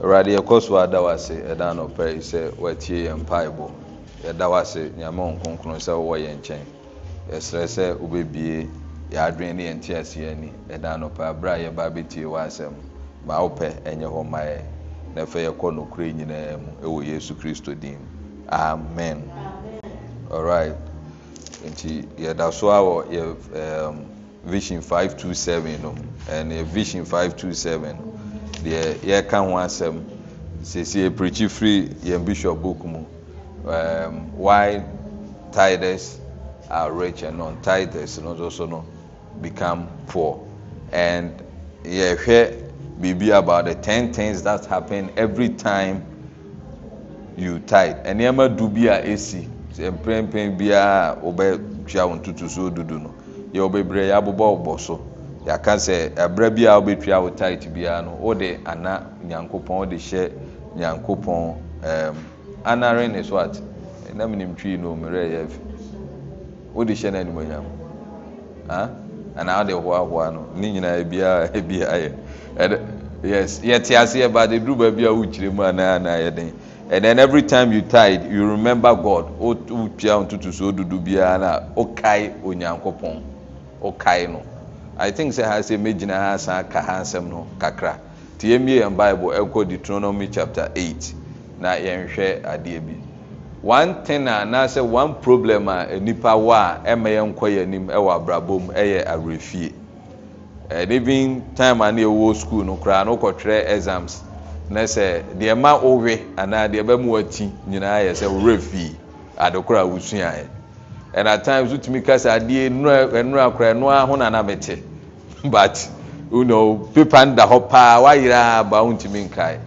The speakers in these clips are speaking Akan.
awurade yɛkɔ so ada w ase ɛda nɔpɛyi sɛ watie yɛ mpaebɔ yɛda w ase nyame wo kronkron sɛ wowɔ yɛ nkyɛn yɛsrɛ sɛ wobɛbie yɛ adwene ne yɛnteaseɛ ani ɛda nɔpɛ aberɛ a yɛbaa bɛtie wɔ ma wopɛ ɛnyɛ hɔ mmaeɛ na ɛfɛ yɛkɔ nokorɛ nyinaa mu ɛwɔ yesu kristo din amen alright nti yɛda so a wɔ yɛ vision seven no ɛne vision five 527 no deɛ yɛka ho asɛm sesie prikyi firi yɛn bishop book mu um, why tithers are rich and non-tithers no nso so no become poor and yɛhwɛ biribi about the ten things that happen every time you tithe nneɛma du bi a esi mpɛmpɛn biara a wɔbɛtua wɔn tutu so dudu no yɛ wɔbɛbrɛ yɛ abobɔ ɔbɔ so yɛaka sɛ ɛberɛ bi a wobɛtua wo tit biara no wode ana nyankopɔn wode hyɛ nyankopɔn anaren is what nam nim twii no mmerɛyɛ afi wode hyɛ no animonyam ah? anaa wode hoahoa no ne nyinaa biaa biayɛ yɛte aseɛ bade duru baabi a wokyire mu anaanaa yɛden and then every time you tithe you remember God wotua ntotosoɔ dudu biara no a wokae onyankopɔn wokae no i think say ha sɛ mɛgyina ha saa ka ha asɛm no kakra nti yɛmmie yɛn bible ɛkɔ deuteronomy chapter 8 na yɛnhwɛ adeɛ bi one thing a anaasɛ one problem a nnipa wɔ a ɛma yɛnkɔ yɛn anim ɛwɔ abrabɔ mu ɛyɛ awerɛfie and even time a na yɛwɔ school no koraa no kɔtwerɛ exams na sɛ deɛ ma wowe anaa deɛ bɛmu wati nyinaa yɛ sɛ worɛ fie adekora a wosuaeɛ and at times wotumi ka sɛ adeɛ nnura nnura koraa ɛnoa ho na na mete but pepa nda hɔ paa woayerɛa baa wontumi nkae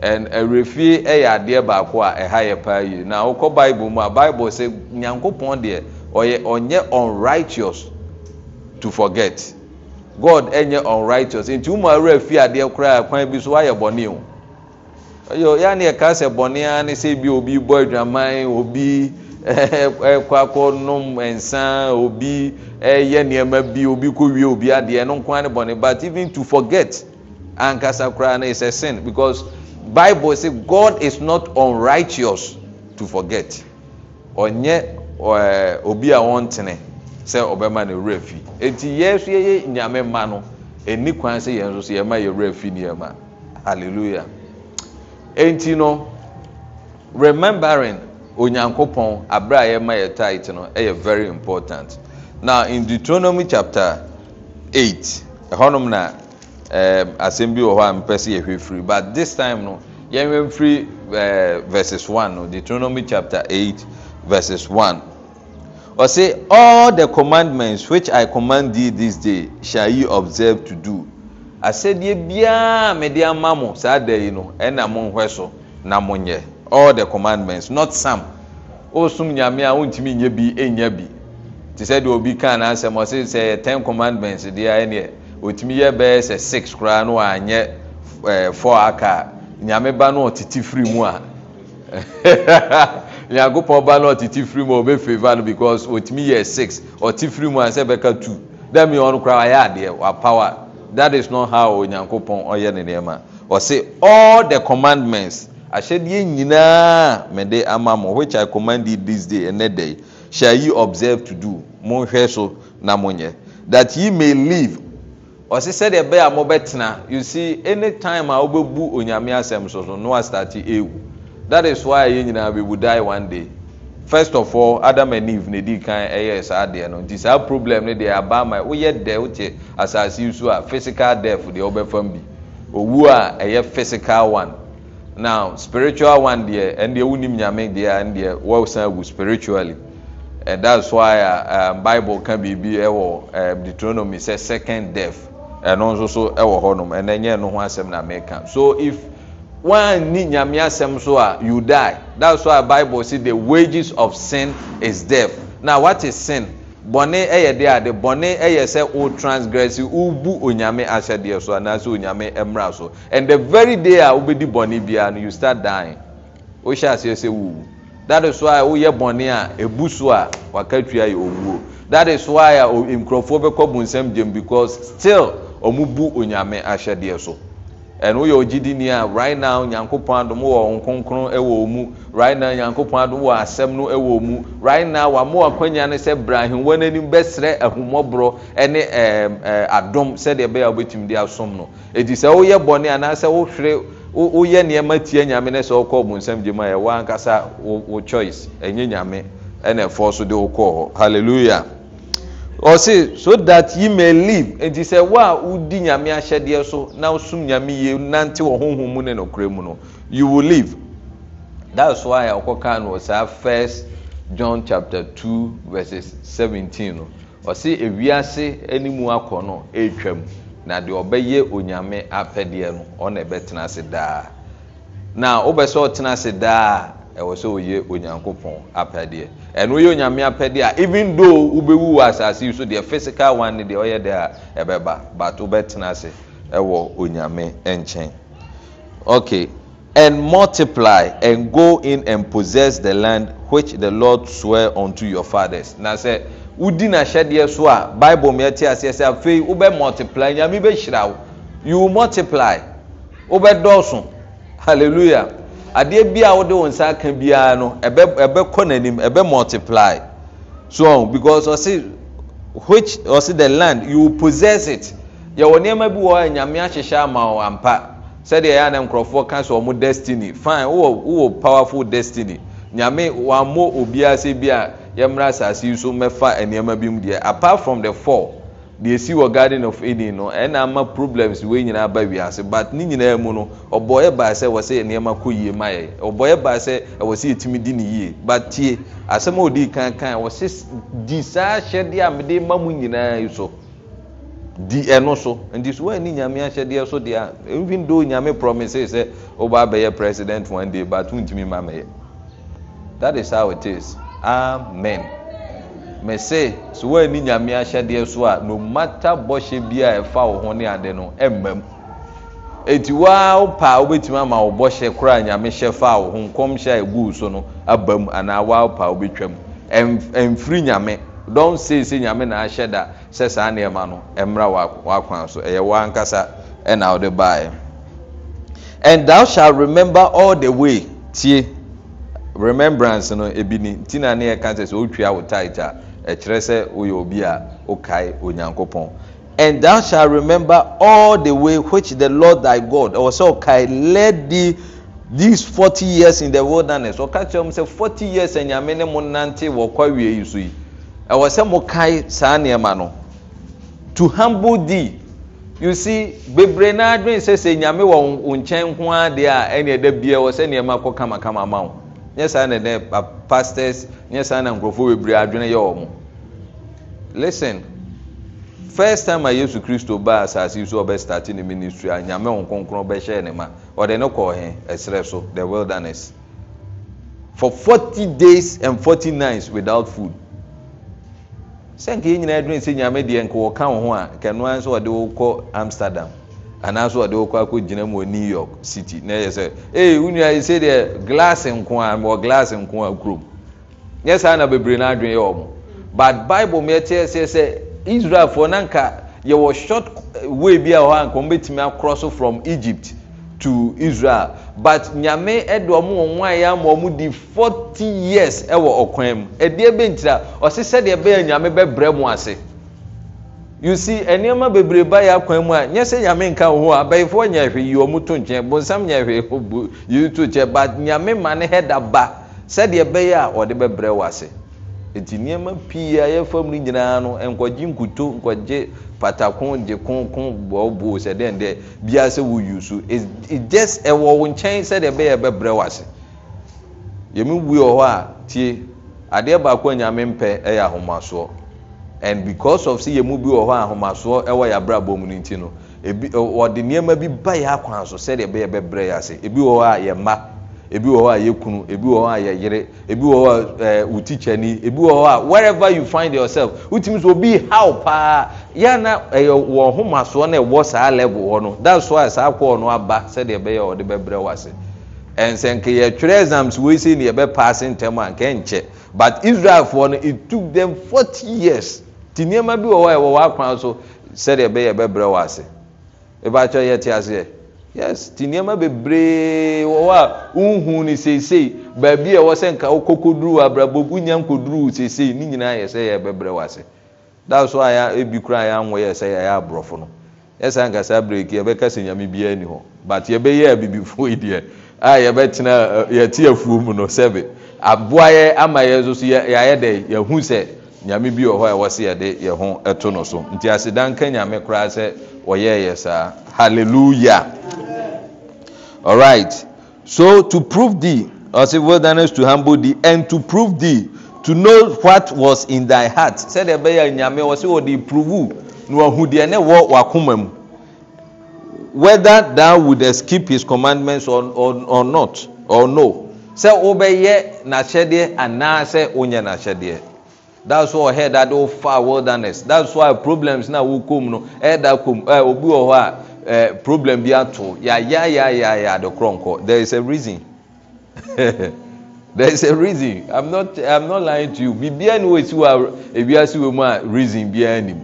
ɛn awerɛfie yɛ adeɛ baako a ɛha yɛ paa yie na wokɔ bible mu a bible sɛ nyankopɔn deɛ ɔyɛ ɔnyɛ unrighteous to forget god ɛnyɛ unrighteous nti umu awerɛ fie adeɛ koraa kwan bi so wayɛ bɔne o yɛa ne ɛka sɛ bɔne a sɛ bi obi bɔ adwaman obi kɔakɔ nom nsa obi bi obi obi adeɛ ɛno nko but even to forget ankasa koraa no is a sin because bible say god is not unrighteous to forget ɔnyɛ eh, obi a wɔntene sɛ ɔbɛma no werɛ fi ɛnti yɛ nyame ma no ɛni kwan sɛ yɛn so so yɛma yɛwerɛ fi nneɛma no remembering onyankopɔn aberɛ a yɛma yɛ tit no yɛ very important na in deuteronomy chapter eight, ɛhɔnom na asɛm bi wɔ hɔ a mpɛ sɛ yɛhwɛ firi but this time no yɛnhwɛ mfiri verses one no deuteronomy chapter eight verses 1 ɔse all the commandments which i command thee this day shall ye observe to do asɛdeɛ biara mede ama mo saa da yi no ɛna monhwɛ so na monyɛ all the commandments not some sum nyame a wontumi nyɛ bi ɛnya bi nti sɛdeɛ obi kaa naasɛm ɔse sɛ yɛ 10 commandments deɛ ɛneɛ ɔtumi yɛ bɛyɛ sɛ 6 koraa no anyɛ 4 aka a nyame ba no ɔtete firi mu a nyankopɔn ba no ɔtete firi mu a ɔbɛfeva no because ɔtumi yɛ six. ɔte firi mu a sɛ bɛka two. dɛ mi ɔno koraa ayɛ adeɛ power. that is not how onyankopɔn ɔyɛ ne nneɛma ɔse all the commandments ahyɛdeɛ nyinaa mede ama mo which i command you this day ɛnɛ day shall you observe to do monhwɛ so na monyɛ that ye may live ɔsi sɛdeɛ bɛyɛ a mobɛtena you see any time a wobɛbu onyame asɛm so so no asate ewu that is why yɛn nyinaa we will die one day first of all adam and eve na di kan ɛyɛ saa adeɛ no nti saa problem ne deɛ aba ama woyɛ dɛ wote asase yi so a physical death deɛ ɔbɛfam bi owu a ɛyɛ physical one. now spiritual one deɛ ɛndeɛ wonim nyame deɛ a ɛndeɛ wosane awu spiritually that's wy a uh, um, bible ka biribi ɛwɔ uh, deuteronomy sɛ second deatf ɛno nso so ɛwɔ hɔ nom ɛnɛ nyɛ no ho asɛm na meka so if woanni nyame asɛm so a you die that's wy bible se the wages of sin is deatf na what is sin bɔne yɛ deɛ ade bɔne yɛ sɛ wo transgress bu onyame ahyɛdeɛ so anaasɛ onyame mmra so and the very day a wobɛdi bɔne biara no you start dying wohyɛ aseɛ sɛ wowu that is why woyɛ bɔne a ebu so a waka tua yɛ owuo that is why a nkurɔfoɔ bɛkɔ bu nsɛm gyem because still ɔmo bu onyame ahyɛdeɛ so ɛno woyɛ ogyidini a right now nyankopɔn adom wɔ nkonkron wɔ mu right now nyankopɔn adom wɔ asɛm no wɔ mu right now wama wakwanya no sɛ brahimwa noanim bɛsrɛ ahumɔborɔ ne adom sɛdeɛ ɛbɛyɛ a wobɛtumi de asom no ɛti sɛ woyɛ bɔne anaasɛ wohwere woyɛ nneɛma tia nyame no sɛ wokɔɔ bonsam gyemu a yɛwɔ ankasa wo choice ɛnyɛ nyame ɛne ɛfoɔ so de wokɔɔ hɔ halleluya ɔse so that yi ma live enti sɛ wo a wodi nyame ahyɛdeɛ so na wosom nyame yie nante wɔ honhom mu ne nokorɛ mu no you will live that's why ɔkɔkaa no wɔ saa first john chapter 2 verses 17 no ɔse ewiase animu akɔ no ɛretwam na deɛ ɔbɛyɛ onyame apɛdeɛ no ɔna ɛbɛtena ase daa na wobɛ sɛ ɔtena ase daa ɛwɔ sɛ oyɛ onyankopɔn apɛdeɛ ɛno yɛ onyame apɛdeɛ a even though wobɛwu wɔ asase yi so deɛ physical one ne deɛ ɔyɛ deɛ a ɛbɛba but wobɛtena ase ɛwɔ onyame nkyɛn okay and multiply and go in and possess the land which the lord sware unto your fathers na sɛ wodi n'ahyɛdeɛ so a bible mi ɛte aseɛ sɛ afei wobɛ multiply nyame bɛhyira wo you multiply wobɛ dɔɔso hallelujah adeɛ bia a wode wo nsa aka biara no ɛbɛkɔ n'anim ɛbɛ multiply so because ɔse which ɔse the land you possess it yɛwɔ nneɛma bi wɔ a nyame ahyehyɛ ama wɔ ampa sɛdeɛ ɛyɛ a na nkurɔfoɔ ka so ɔmo destiny fine wowɔ wowɔ powerful destiny nyame wammɔ obiara sɛ bi a yɛmmra asase yi so mɛfa nneɛma bi mu deɛ apart from the four deɛ ɛsi wɔ garden of eden no ɛna ma problems wei nyinaa ba wiase but ne nyinaa mu no ɔbɔyɛ baa sɛ wɔ sɛ nnoɔma kɔ yie ma yɛ ɔbɔyɛ baa sɛ ɛwɔ sɛ yɛtumi di ne yie but tie asɛm a ɔdii kankan wɔ sɛ di saa hyɛdeɛ a mede ma mu nyinaa yi so di ɛno so nti so wɔn ani nyame ahyɛdeɛ so deɛ even though nyame promise sɛ ɔba abɛyɛ president one day but ntumi ma mɛyɛ that is how it is amen. me so so woani nyame ahyɛdeɛ so a nomata bɔhyɛ bi a ɛfa wo ho ne ade no mmam ɛti woa wopaa wobɛtumi ama wo bɔhyɛ koraa nyame hyɛ fa wo ho nkɔmhyɛ a ɛguu so no aba mu anaa woa wopaa wobɛtwam ɛmfiri nyame dɔn seesei nyame na naahyɛ da sɛ saa nneɛma no ɛmmra wakwan so ɛyɛ wo ankasa ɛna wode baeɛ and thou shalt remember all the way tie remembrance no ebi ni ntina ne yɛka sɛ sɛ wotwia wo tit a ɛkyerɛ sɛ woyɛ obi a wokae onyankopɔn and thou shalt remember all the way which the lord thy god ɛwɔ sɛ ɔkae led thee these forty years in the wilderness ɔka kyerɛ mu sɛ forty years ɛnyame ne mo nante wɔ kwawie yi so yi ɛwɔ sɛ mo kae saa nneɛma no to humble thee you see bebree naa dwen sɛ sɛ nyame wɔ nkyɛn ho adeɛ a ɛne ɛda bia ɛwɔ sɛ nneɛma kɔ kamakama ma wo nyɛ saa na dɛ pastors nyɛ saa na nkurɔfoɔ bebree adwene yɛ wɔn listen first time a yesu kristo baa asase yi so ɔbɛ start ne ministry a nyame wɔn kronkron bɛhyɛ ne ma ɔde ne kɔɔ hɛn ɛsrɛ so the wilderness for forty days and forty nights without food sɛ nke nyinaa adwene sɛ nyame deɛ nka wɔka wɔn ho a nkanoa nso ɔde wɔkɔ amsterdam. anaaso ɔde wokɔ akɔ gyina mu wɔ new york city na ɛyɛ sɛ ee wunua yi sɛ deɛ glass nko a wɔ glass nko a kurom nyɛ saa na bebree na adwene yɛ wɔn but bible mi ɛkyɛ sɛ sɛ israelfoɔ nanka yɛwɔ short eh, way bi a hɔ anka wɔn bɛtumi akorɔ so from egypt to israel but nyame ɛde wɔn wɔn ayɛ ama wɔn di forty years ɛwɔ ɔkwan mu ɛdeɛ bɛntira ɔsi sɛdeɛ bɛyɛ nyame bɛbrɛ mu ase. us nnoɔma bebree ba yɛ akwan mu a nyɛ sɛ nyame nka wo ho a bɛyifoɔ nya hwe yi ɔmo to nkyɛn bonsam nya hwe yi to nkyɛn but nyame ma ne hɛda ba sɛdeɛ bɛyɛ a ɔde bɛbrɛ wɔ ase ɛti nnoɔma pii a yɛfam no nyinaa no nkɔgye nkuto nkɔgye patako gye konko bɔɔboo sɛ dɛn dɛ biara sɛ wo use so it just ɛwɔ wo nkyɛn sɛdeɛ bɛyɛ bɛbrɛ wɔ ase yɛmu wui wɔ hɔ a tie adeɛ baako a nyame mpɛ ɛyɛ and because of sɛ yɛmu bi wɔ hɔ ahomasoɔ ɛwɔ yɛ abrabɔ mu no nti no ebi wɔde nneɛma bi ba yɛ akwan so sɛdeɛ bɛyɛ bɛbrɛ yɛ ase ebi wɔ hɔ a yɛ mma ebi wɔ hɔ a yɛ kunu ebi wɔ hɔ a yɛ yere ebi wɔ hɔ a ɛɛ wò ebi wɔ hɔ a wherever you find yourself wotumi so obi how paa yɛn na ɛyɛ wɔn ahomasoɔ na ɛwɔ saa level hɔ no that's why saa kɔɔ no aba sɛdeɛ bɛyɛ wɔde bɛbrɛ wɔ ase ɛnsɛnke yɛtwerɛ exams wei sɛ ne yɛbɛpaase ntɛm a nkɛnkyɛ but israelfoɔ no it took them forty years nti nnoɔma bi wɔ hɔ ɛwɔ w'akwan so sɛdeɛ ɛbɛyɛ bɛbrɛ wɔ ase atwa ɔbɛakyɛ yɛte aseɛ yes nti nnoɔma bebree wɔ hɔ a wohu no seesei baabi a ɛwɔ sɛ nka wokɔkɔduruu abrabɔ wonya nkɔduruu seesei ne nyinaa yɛ sɛ yɛ bɛbrɛ wɔ ase da so bi koraa yɛanwɔ yɛ sɛ yɛyɛ aborɔfo no yɛsa nkasaa breki yɛbɛka sɛ nyame biaa ni hɔ but yɛbɛyɛ abibifoɔ yi deɛ a yɛbɛtena yɛte afuo mu no sɛbe aboa yɛ ama yɛ so so yɛayɛ dɛ yɛahu sɛ nyame bi wɔ hɔ a ɛwɔ sɛ yɛde yɛ ho ɛto no so nti asedanka nyame koraa sɛ ɔyɛɛ yɛ saa hallelujah all right so to prove thee ɔsɛ wilderness to humble thee and to prove thee to know what was in thy heart sɛdeɛ ɛbɛyɛ nyame wɔ sɛ wɔde prove na wɔahu deɛ ne wɔ wakoma mu whether thou would escape his commandments or, or, or not or no sɛ wobɛyɛ n'ahyɛdeɛ anaasɛ wonyɛ n'ahyɛdeɛ that's why ɔhɛ dade far wilderness that's why problems na wokom no ɛda kom ɛ obi wɔ hɔ a ɛ eh, problem bi ato yayayayaya adekorɔ nkɔ there is a reason there is a reason i'm not i'm not lying to you bibia ni wo esi wa ewiase wo mu a reason bia nim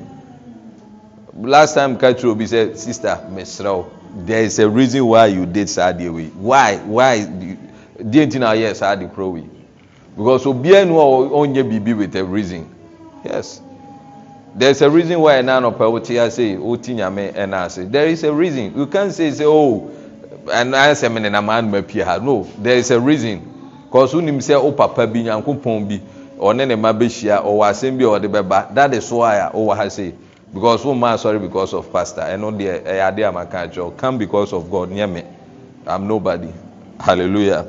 last time kakyere obi sɛ sister mesrɛw there is a reason why you did saa deɛ why why deɛ nti na ayɛ saa dekorɔ wei because obiara nu a ɔnyɛ biribi with a reason yes there is a reason why ɛna anɔpɛ wote ase wote nyame ɛna ase there is a reason you can say say oh ɛna asɛm nenam anuma pie ha no there is a reason because wonim sɛ wo papa bi nyanko pɔn bi ɔne ne ma bɛhyia ɔwɔ asɛm bi a ɔde bɛba that is why a wowɔ ha say because wo maa sorry because of pastor ɛno deɛ ɛyɛ e adeɛ a maka akyerɛ come because of God nyɛ me I'm nobody hallelujah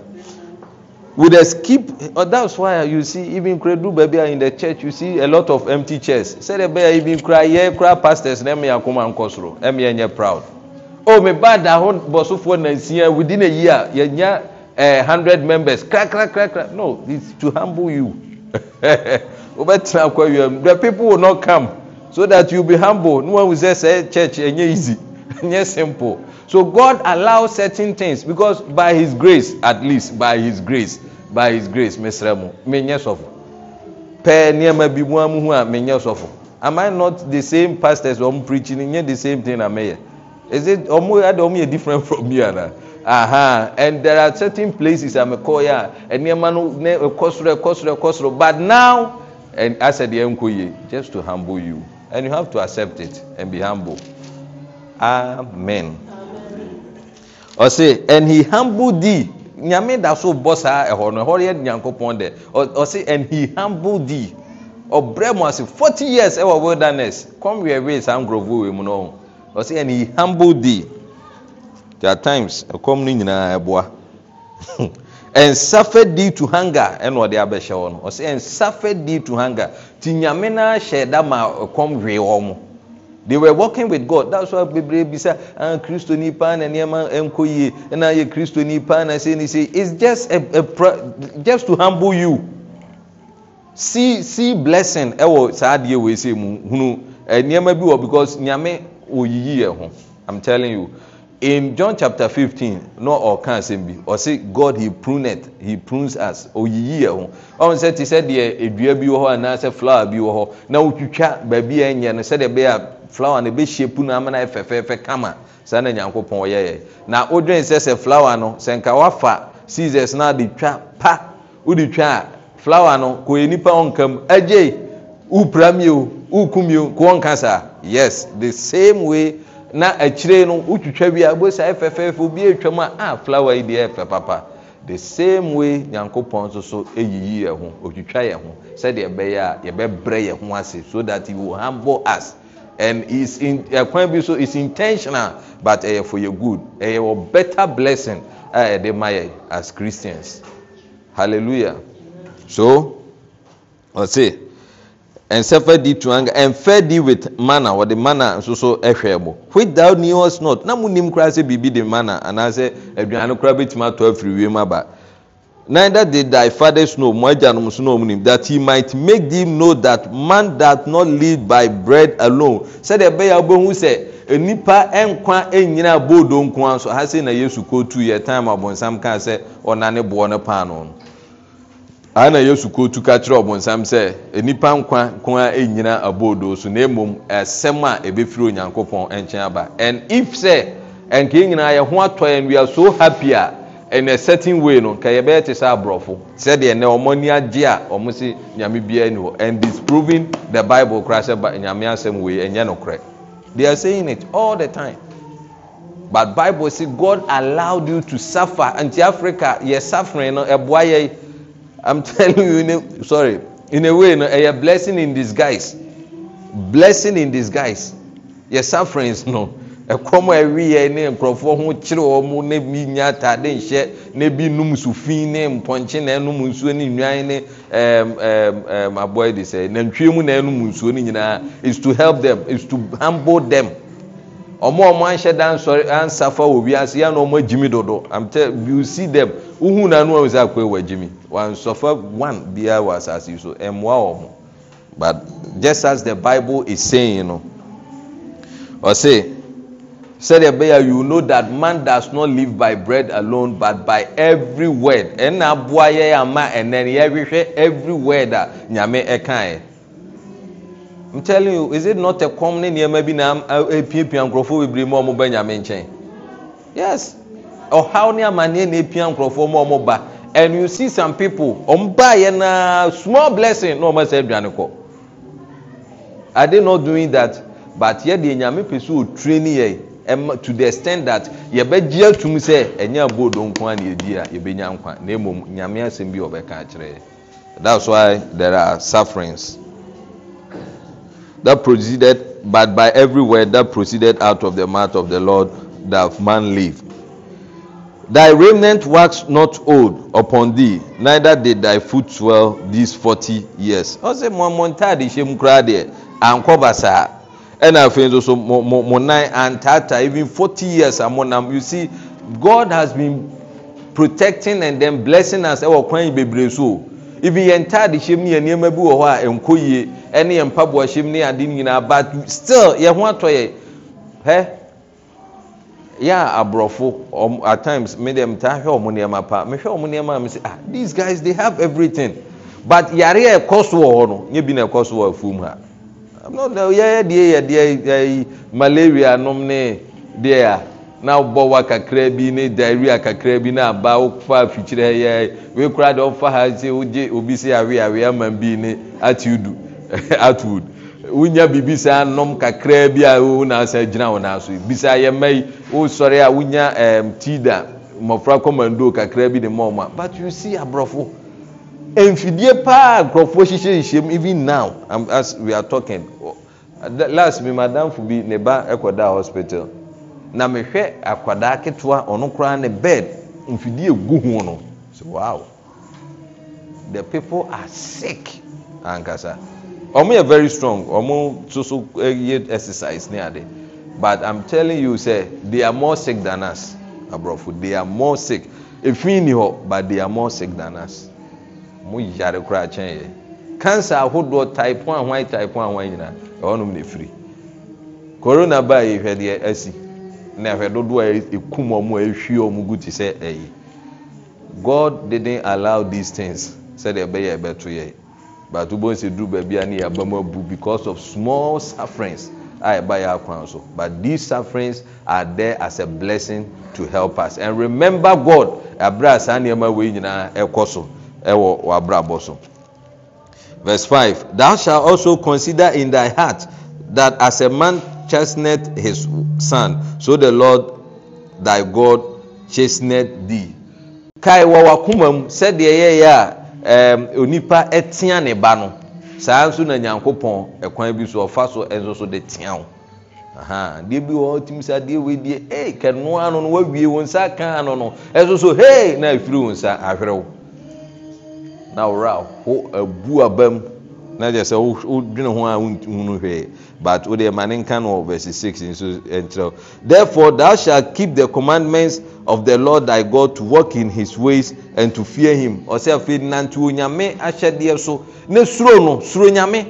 would escape oh, that's why you see even kura du baabi in the church you see a lot of empty chairs Say the bɛyɛ even cry yɛ cry pastors na ɛmɛ akoma nkɔ soro ɛmɛ yɛ proud oh me ba da ho bɔsofoɔ nansia within a year yɛ nya ɛɛ hundred members kra kra kra kra no it's to humble you wobɛtena akɔ you, um, the people will not come so that you be humble no one will say say church ɛnyɛ easy. Yes, simple. So God allows certain things because by His grace, at least by His grace, by His grace, mesrɛ mu menyɛ sɔfo pɛɛ nneɛma bi mu amuhu a menyɛ sɔfo am I not the same pastors wɔn preaching nye the same thing na meyɛ is it wɔn yɛ de wɔn yɛ different from me ana aha and there are certain places a mekɔ yɛ a nneɛma no ne ɛkɔ soro ɛkɔ soro ɛkɔ soro but now and asɛ deɛ nkɔ yie just to humble you and you have to accept it and be humble amen ɔse and he humble thee nyame da so bɔ saa ɛhɔ no ɛhɔ yɛ nyankopɔn dɛ ɔse and he humble thee ɔbrɛ mu ase forty years ɛwɔ wilderness come where way saa nkurɔfoɔ wɔ mu no ɔse and he humble thee there are times ɛkɔm no nyinaa ɛboa and suffer thee to hunger ɛna ɔde abɛhyɛ wɔn ɔse and suffer thee to hunger ti nyame naa hyɛ dama ɛkɔm wee wɔn mo. the were wking with godtasbebree bisakist ɛ kristnip njs blessin wɔ saadeɛs munɔa biɔnaɔyyi ho ln in john chapter15 nɔɔka asɛm bi ɔse gprunssɔyyi hoɔ sɛte sɛdeɛ adua bi wɔ hɔnaasɛ flower bi wɔ hɔ na ɔtwitwa baabi a yɛ no sɛdeɛbɛa flower no bɛhyie pu no amana yɛ fɛfɛɛfɛ kama saa na nyankopɔn ɔyɛyɛ na wodwene sɛ sɛ flower no sɛ nka woafa seasons no ade twa pa wode twa a flower no kɔyɛ nipa ɔnkam agyei wopra mio wokumio ko ɔnka saa yes the same way na akyire no wotwitwa wie a bosa yɛ fɛfɛɛfɛ obi atwam a ah flower yi deɛ yɛ fɛ papa the same way nyankopɔn nso so ɛyiyi yɛ ho ɔtwitwa yɛ ho sɛdeɛ ɛbɛyɛ a yɛbɛbrɛ yɛ ho ase so that he will humble us and is in ɛkwan eh, bi so it's intentional but eh, for your good a eh, better blessing a yɛde as Christians hallelujah so and suffer di to anger and di with manner wɔde the nso so so ɛbɔ which thou knewest not na mu nim the sɛ and de say I no koraa bɛtumi atɔ afiri wiem aba. neither did thy fathers know mo agyanom so that he might make them know that man doth not live by bread alone sɛdeɛ ɛbɛyɛ abohu sɛ nipa nkwa nyina boodo nko so ha sei na yesu kootu yɛ time abonsam kaa sɛ ɔnane boɔ no paano ha na yesu kootu ka kyerɛ ɔbonsam sɛ nipa nkwa nko ara so na emom ɛsɛm a ebɛfiri onyankopɔn nkyɛn aba and if sɛ nkɛ nyinaa yɛ ho atɔ yɛn we are so happy a. Ah, in a certain way no nka yɛbɛyɛ te sɛ aborɔfo sɛdeɛ nɛ ɔmo ani agye a ɔmo si nyame biara ni hɔ and disproving the bible koraa sɛ nyame asɛm wei ɛnyɛ no korɛ they are saying it all the time but bible say god allowed you to suffer anti africa yɛ suffering no ɛboa e yɛ i'm telling you in a sorry in a way no ɛyɛ e blessing in disguise blessing in disguise yɛ sufferings no. ɛkɔm a ɛwieɛ ne nkurɔfoɔ ho kyere ɔ mu ne bi nya atade nhyɛ ne bi nom sufii ne mpɔnkye na ɛnom nsuo ne nnwan ne aboa de sɛ nantwie mu na ɛnom nsuo ne nyinaa is to help them is to humble them ɔmo ɔmo anhyɛ da ansɔre ansafa wɔ wiase yɛn na ɔmo agyimi dodo i am tell you see them wohu na no ɔmo sɛ akɔɛ wɔ agyimi wansɔfa one biara wɔ asase so ɛmoa ɔmo but just as the bible is saying no ɔse. You know, sɛɛyono that man does not live by bread alone but by every wrdnaoayɛɛmanɛyɛhwehwɛ every wrd a nyamekaɛis it noɔnnminankrɔfa ɔhwn manɛepia nkrɔfɔmaɔb n ouse some peple ɔayɛn small blessing na ɔmasadwakɔ d n at btɛdeɛyame pɛsɛɔ to the extent that yɛbɛgye atom sɛ ɛnyɛ aboodo nko a na yɛdi a yɛbɛnya nkwa na mmom nyame asɛm bi ɔbɛka akyerɛ that's why there are sufferings that proceeded but by every word that proceeded out of the mouth of the lord doth man live thy remnant wax not old upon thee neither did thy foot swell these forty years ɔsɛ mɔmɔ ntaade hyɛm koraa deɛ ankɔ basaa. ɛna afei so so mo nan antaata even 40 years a monam u s god has been protectin andthen blessin as wɔ kwan yi bebree so even yɛntadehyɛm no ynoɔma bi wɔ hɔa nkɔie ne yɛmpaboahyɛm no adennyinaabut still yɛho atɔyɛɛrɔfatmeɛmɛtese ah, guys te have everythin but yare ɛkɔ soɔ hɔ noɛ bino ɛkɔ soɔafum a yɛɛ deɛɛ deɛi malaria nom ne deɛ a na wobɔ wo kakraa bi ne diria kakraa bi no abaa wofa afirkyirɛ yɛ wei kora de ofa ha sɛ wogye obise are awe aman bi ne atd atwood wonya biribisa nom kakraa bi a woo nasa gyina wo noaso bisa yɛma yi wo sɔre a wonya ehm, tida mmɔfra kɔmandoo kakraa bi de mam a but osi aborɔfo mfidie paa nkurɔfoɔ hyehyɛhyehyɛm even now as we are talking last mi madamfo bi ne ba ɛkɔdaa hospital na mehwɛ akwadaa ketewa ɔno koraa ne bed mfidie gu ho no so wow the people are sick ankasa ɔmo yɛ very strong ɔmo soso eh, yɛ exercise ne ade but i'm telling you say they are more sick than us aborɔfo they are more sick efi ni hɔ but they are more sick than us mu yare koraa kyɛnɛ cancer ahodoɔ type one hwan type one hwan nyinaa ɛwɔnom na efiri corona baa yi hwɛ deɛ asi na hwɛ dodoɔ a ekum wɔn a ehwi wɔn gu ti sɛ ɛyi God didn't allow these things sɛdeɛ ɛbɛyɛ ɛbɛto yɛ but bɔn sɛ duru baabi a ne yɛ abamu abu because of small sufferings. a ɛba yɛ akwan so but these sufferings are there as a blessing to help us and remember God abira saa nneɛma wei nyinaa ɛkɔ so ɛwɔ w'abrabɔ so verse five thou shall also consider in thy heart that as a man chasteneth his son so the Lord thy God chasteneth thee kae wɔ w'akoma mu sɛdeɛ yɛyɛ a ɛɛm onipa ɛtea ne ba no saa nso na nyankopɔn ɛkwan bi so ɔfa so ɛnso so de tea o deɛ bi wɔ tumi sa deɛ wei deɛ ee kɛnoa no no wawie wɔn nsa kaa no no ɛnso so hee na efiri wɔn nsa ahwerɛw na worɛ ho abu abam na gye sɛ wodwene ho a wohunu hwee but wode ɛma ne nka no wɔ verse six. nso nkyerɛ therefore thou shall keep the commandments of the lord thy god to walk in his ways and to fear him ɔsɛ afei nante onyame ahyɛdeɛ so ne suro no suro nyame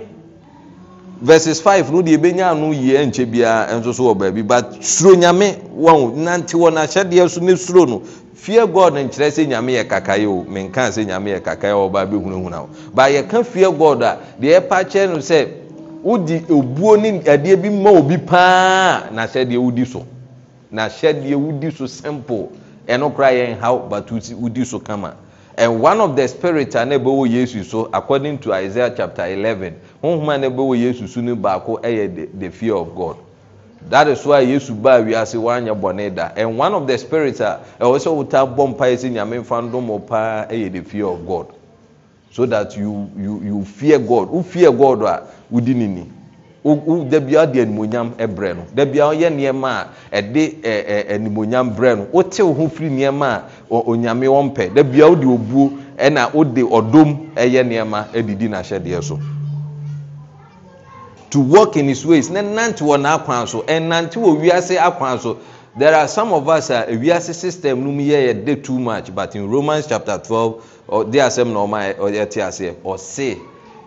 verses 5 no deɛ ɛbɛnya ano yie nkyɛ biara nso so wɔ baabi but suro nyame wɔn nante wɔn ahyɛdeɛ so ne suro no fea god nkyerɛ sɛ nyameyɛ kakaeɛ o menka a sɛ nyameyɛ kakaeɛ ɔbaa bɛhunuhunu ho but yɛka fee god a deɛ ɛpa akyerɛ no sɛ wode obuo ne adeɛ bi mma obi paa a na hyɛdeɛ wodi so na hyɛdeɛ wodi so simple ɛno kora yɛnhaw but wodi so kama ɛnd one of the spirit a na bɛwɔ yɛsu so according to isaia chapter 11 honhoma na bɛwɔ yesu so no baako yɛ the fear of god that is why yesu baa wiase wanyɛ bɔne da and one of the spirits a ɛwɔ sɛ wotaa bɔ mpaeɛ sɛ nyame mfa ndomɔ paa ɛyɛ the fear of god so that you you you fear god wo fear god a wodi ne ni wo dabia de animonyam brɛ no dabia ɔyɛ nneɛma a ɛde ɛ ɛ animonyam brɛ no wotew ho firi nneɛma a onyame wɔn pɛ dabia wode obuo ɛna wode ɔdom ɛyɛ nneɛma ɛdidi n'ahyɛdeɛ so to work in his ways ne nante wɔ n'akwan so ɛnante wɔ wiase akwan so there are some of us a wiase system no yɛ yɛ de too much but in Romans chapter twelve ɔde asɛm na ɔma ɔyɛ te aseɛ ɔse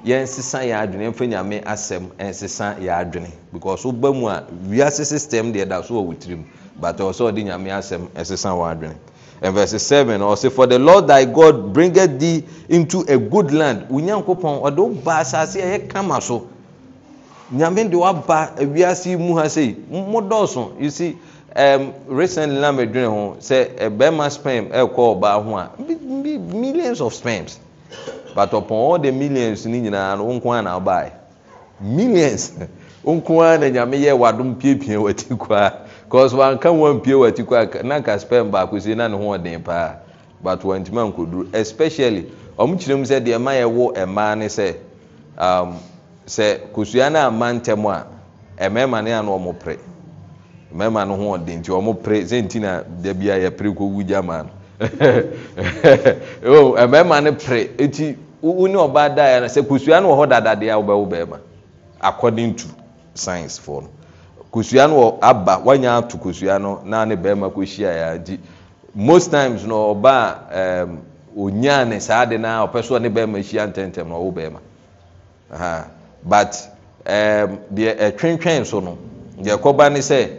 yɛn sesa yɛn adwene mfe nyame asɛm ɛnsesa yɛn adwene because ɔba mu a wiase system deɛ da so wɔ wɔ but ɔsɛ ɔde nyame asɛm ɛsesa wɔn adwene. And verse 7 ɔsɛ for the Lord thy God bringeth thee into a good land wò nyankopɔn ɔde wo ba asase ɛyɛ kama so nyame de woaba awiase yi mu ha You see, usi um, recently na madwene ho sɛ eh, bɛrima spam ɛkɔ ɔbaa ho a millions of spams but upon all the millions ni nyinaa no nko a na wobaeɛ millions wo nko ara na nyame yɛ wadom piepie w'ati koraa cause wanka wampie w'ati koraa na ka spam baako sie na ne ho ɔden paa but wantumi ankɔduru especially ɔmo kyerɛ mu sɛ deɛ ɛma yɛwo mmaa ne sɛ um, sɛ kosua no a, ntɛm a ɔmɛma ne ano ɔmo pre mɛma no ho ɔde nti ɔmo pre nti na da bia yɛpere kɔwu gyamaa no ɔmɛma oh, no pre eti wo ne ɔbaa daeɛ no sɛ no wɔ hɔ dadadeɛ a according to na ne most times no ehm, ne but um, deɛ ɛtwentwɛn eh, so no deɛ ɛkɔba ne sɛ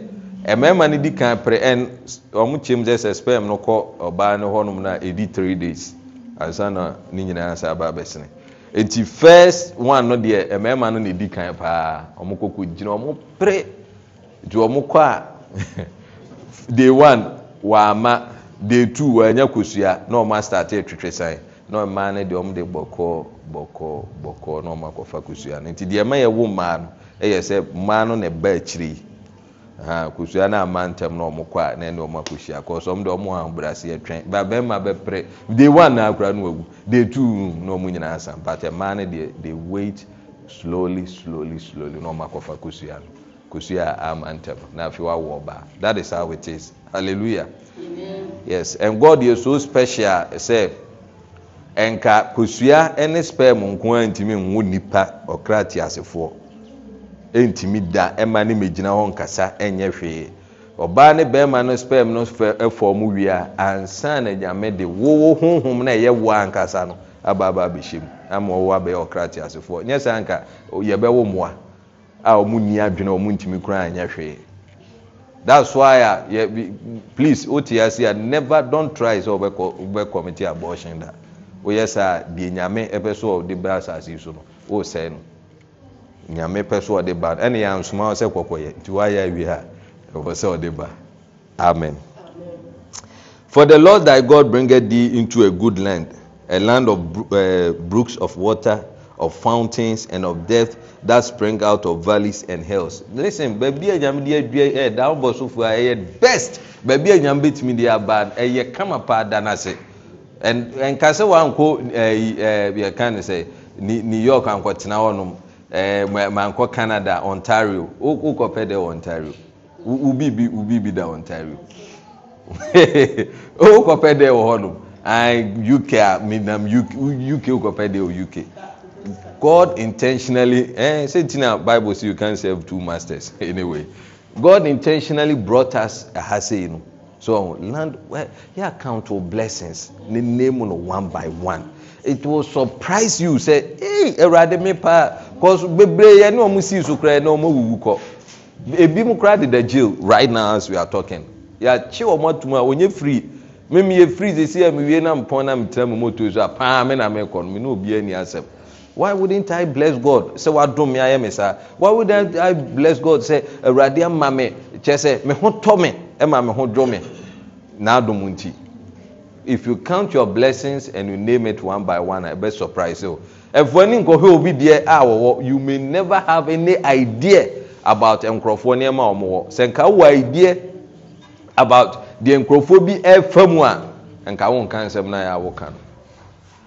eh, mmarima no di kan pere ɛn ɔmo mu sɛ sɛ spam no kɔ ɔbaa no hɔnom no a ɛdi three days ansa na ne nyinaa saa aba abɛsene eti first one no deɛ ɔmarima eh, no na ɛdi kan paa ɔmo koko gyina ɔmo pere nti ɔmo kɔ a day one wɔama day two wɔanya kosua na ɔmo astate atwitwe sane na ɔmaa no deɛ ɔmde bɔkɔɔɔɔkɔɔ na ɔmakɔfa kosua no nti deɛ ɛma yɛwo mmaa no yɛ sɛ mmaa no ne ba akyiri kosua no ama ntɛm na ɔmokɔ a nane ɔmakɔhyia ksɔmde ɔmɔabrase atwɛn babɛma bɛprɛ de 1 naakora no wagu de 2 na ɔmu nyinaa asa but ɛmaa no deɛ de wait slowly slowly slowly na ɔmakɔfa kosua no kosua a ama ntɛm na afei wawo ɔbaa that is how it is hallelujah yes and God is so special sɛ nka kosua ne spɛm nko a ntumi nwo nipa ɔkrate asefoɔ ntumi da ma ne mɛgyina hɔ nkasa ɛnyɛ hwee ɔbaa ne bɛrima no spɛm no ɛfɔ mu wie a ansa na nyame de wowo honhom na ɛyɛ wo ankasa no abaaba abɛhyɛ mu ama ɔwɔ abɛyɛ ɔkrate asefoɔ nyɛ sɛ anka yɛbɛwo mmoa a ɔmo nni adwene ɔmo ntumi koraa ɛnyɛ hwee that's why a yɛ please o te ase a never don try sɛ ɔbɛ kɔ ɔbɛ kɔmiti abortion da. wyɛsɛabienyamepɛ s ɔde bɛ asase yi so nowse noampɛ so ɔde bano ɛneyɛansoma o sɛ kɔkɔɛ ntioɛieɔɛdebm fo the lor thy god bringɛt tdi into a good land a land of eh, brooks of water of fountains and of death tha spring out of valleys and hells listbaabi anameeddawsof eh, ayɛ best baabi anyame bɛtumideɛ abaan yɛ kama paa danoase nka eh, eh, sɛ wankɔyɛka no sɛ new york ankɔtena hɔnom eh, mankɔ canada ontario wokɔpɛ de ontario bi da ontario wokɔpɛ de wɔ hɔnom uk a menam uk wokɔpɛ de wɔ uk god intentionally eh, say tina bible say you can't serve two masters anyway god intentionally brought us ahase you know So land well, yeah, count your blessings. Ne name no one by one. It will surprise you. Say, hey, erade me pa, cause bebre ya no mu si sukra na omo wuwu ko. Ebi mu kra de jail right now as we are talking. Ya chi omo atum a onye free. Me me free dey see Me wie na mpon na mtra mu moto so pa me na me kon me no obi ani asem. Why wouldn't I bless God? Say what do me I Why wouldn't I bless God? Say erade ama me. Che say me ho to me ɛma me ho dwome n'adom nti if you count your blessings and you name it one by one ɛbɛ surprise o ɛfoɔ ni nkɔhwɛ obi deɛ a wɔwɔ you may never have any idea about nkurɔfoɔ nneɛma a wɔwɔ sɛ nka wɔ idea about deɛ nkurɔfoɔ bi ɛfa mu a nka wɔn nka nsɛm na yɛ a wɔka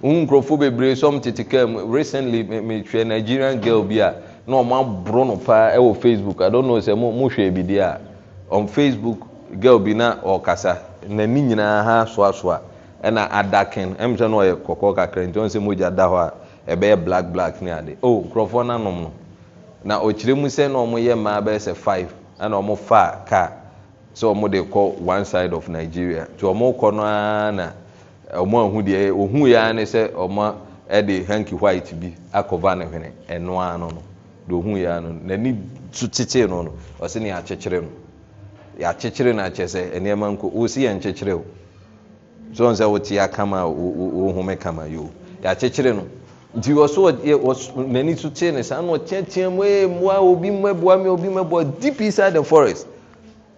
no wɔn nkurɔfoɔ bebree sɔm tete kaa mu recently me me twɛ Nigerian girl bi a na wɔn aboro no paa ɛwɔ Facebook I don't know sɛ mo mo hwɛ ebi deɛ a on Facebook. girl bi na ɔkasa n'ani nyinaa ha soasoa ɛna adaken ɛmhyɛ no ɔyɛ kɔkɔɔ kakra nti ɔn sɛ mogya da hɔ a ɛbɛyɛ black black ne ade o oh, nkurɔfoɔ no anom no na ɔkyerɛ mu sɛ na ɔmoyɛ mmaa bɛyɛ sɛ five ɛna ɔmo fa car sɛ ɔmo de kɔ one side of Nigeria nti ɔmo kɔ no ara na ɔmo ahu deɛ ohu ya ne sɛ ɔmo ɛde hanky white bi akɔva ne hwene ɛnoa no no deɛ ohu ya no n'ani so kyekyere no no ɔsɛ ne akyekyere no. y'akyekyere na akyɛ sɛ nnoɔma nko wɔsi yɛ nkyekyere o so sɛhu sɛ woteɛ akama a wɔhome kama yɛo y'akyekyere no nti ɔsn'ani so tee no saa na ɔkyeateamoa obi mboa me obi mboa deep inside the forest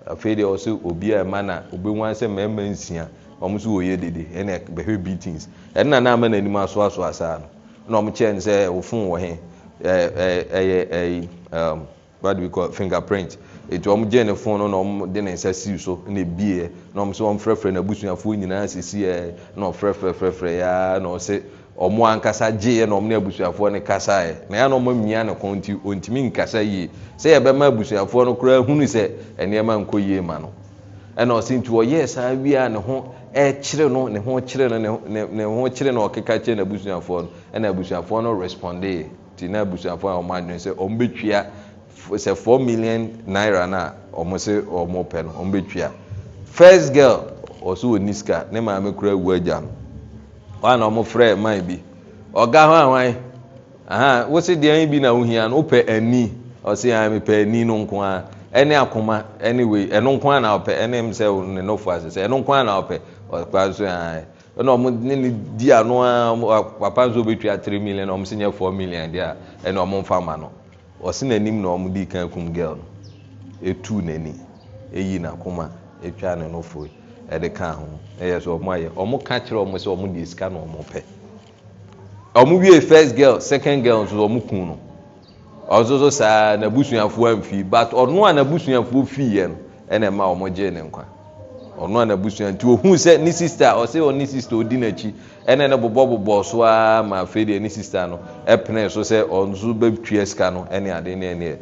afei deɛ ɔ sɛ obi a ɛma no ɔbɛhu a sɛ mama nsia ɔmo so wɔyɛ dede ɛne bɛhwɛ beatings ɛnna na ama n'anim aso aso asaa no na ɔmo kyɛn sɛ ofun wɔ he ɛyɛ e, ɛyi e, e, um what do we call print. ɛti ɔm gye ne fon no na ɔm de ne nsa siw so ne bieɛ na ɔm sɛ ɔmfrɛfrɛ n'abusuafoɔ nyinaa sesiɛ na ɔfrɛfrɛfrɛfrɛ yaa na ɔse ɔmo ankasa gyeeɛ na ɔm ne abusuafoɔ ne kasaeɛ na yɛ na ɔma mmia ne kɔn nti ɔntumi nkasa yie sɛ yɛbɛma abusuafoɔ no koraa hunu sɛ e nneɛma nkɔ yie ma no ɛna e ɔse nti ɔyɛɛ saa wie e a ne ho ɛkyere no ne ho kyere no ne ho kyere no ɔkeka kyerɛ n'abusuafoɔ no ɛna abusuafoɔ no respondee nti na abusuafoɔ a ɔmo adwene sɛ ɔmo betwia sɛ 4 million naira na a ɔmo se pɛ no ɔmo bɛtwa first girl ɔso wɔ ne maame kura wu agya no ɔana ɔmo frɛ man bi ɔga ho ahwan aha wosi deɛ bi na ohia no wopɛ ani ɔsi ha ah, mepɛ ani no nko ara ɛne akoma ɛne ɛno nko ara na ɔpɛ ɛne ne ase sɛ ɛno nko ara na ɔpɛ ɔkpa nso ah, ɛna ne ne di ano papa nso million si nyɛ million deɛ ɛna ɔse n'anim na ɔmo dii kan kum girl no etu n'ani eyi n'akoma etwa ne nofo ɛde kaa ho ɛyɛ sɛ ɔmo ayɛ ɔmo ka kyerɛ ɔmo sɛ ɔmo de sika na ɔmo pɛ ɔmo wie first girl second girl nso ɔmo kum no ɔnso so saa n'abusuafoɔ amfi but ɔno a n'abusuafoɔ fi yɛ no ɛna ɛma ɔmo gye ne nkwa. ɔno anabusua nti ɔhuu sɛ ne sista ɔsɛ ɔne sista ɔdi n'akyi ɛne no bobɔbobɔɔ so ara ma afei deɛ ne sista no ɛpenee so sɛ ɔnso bɛtwa sika no ɛne ade neɛneɛ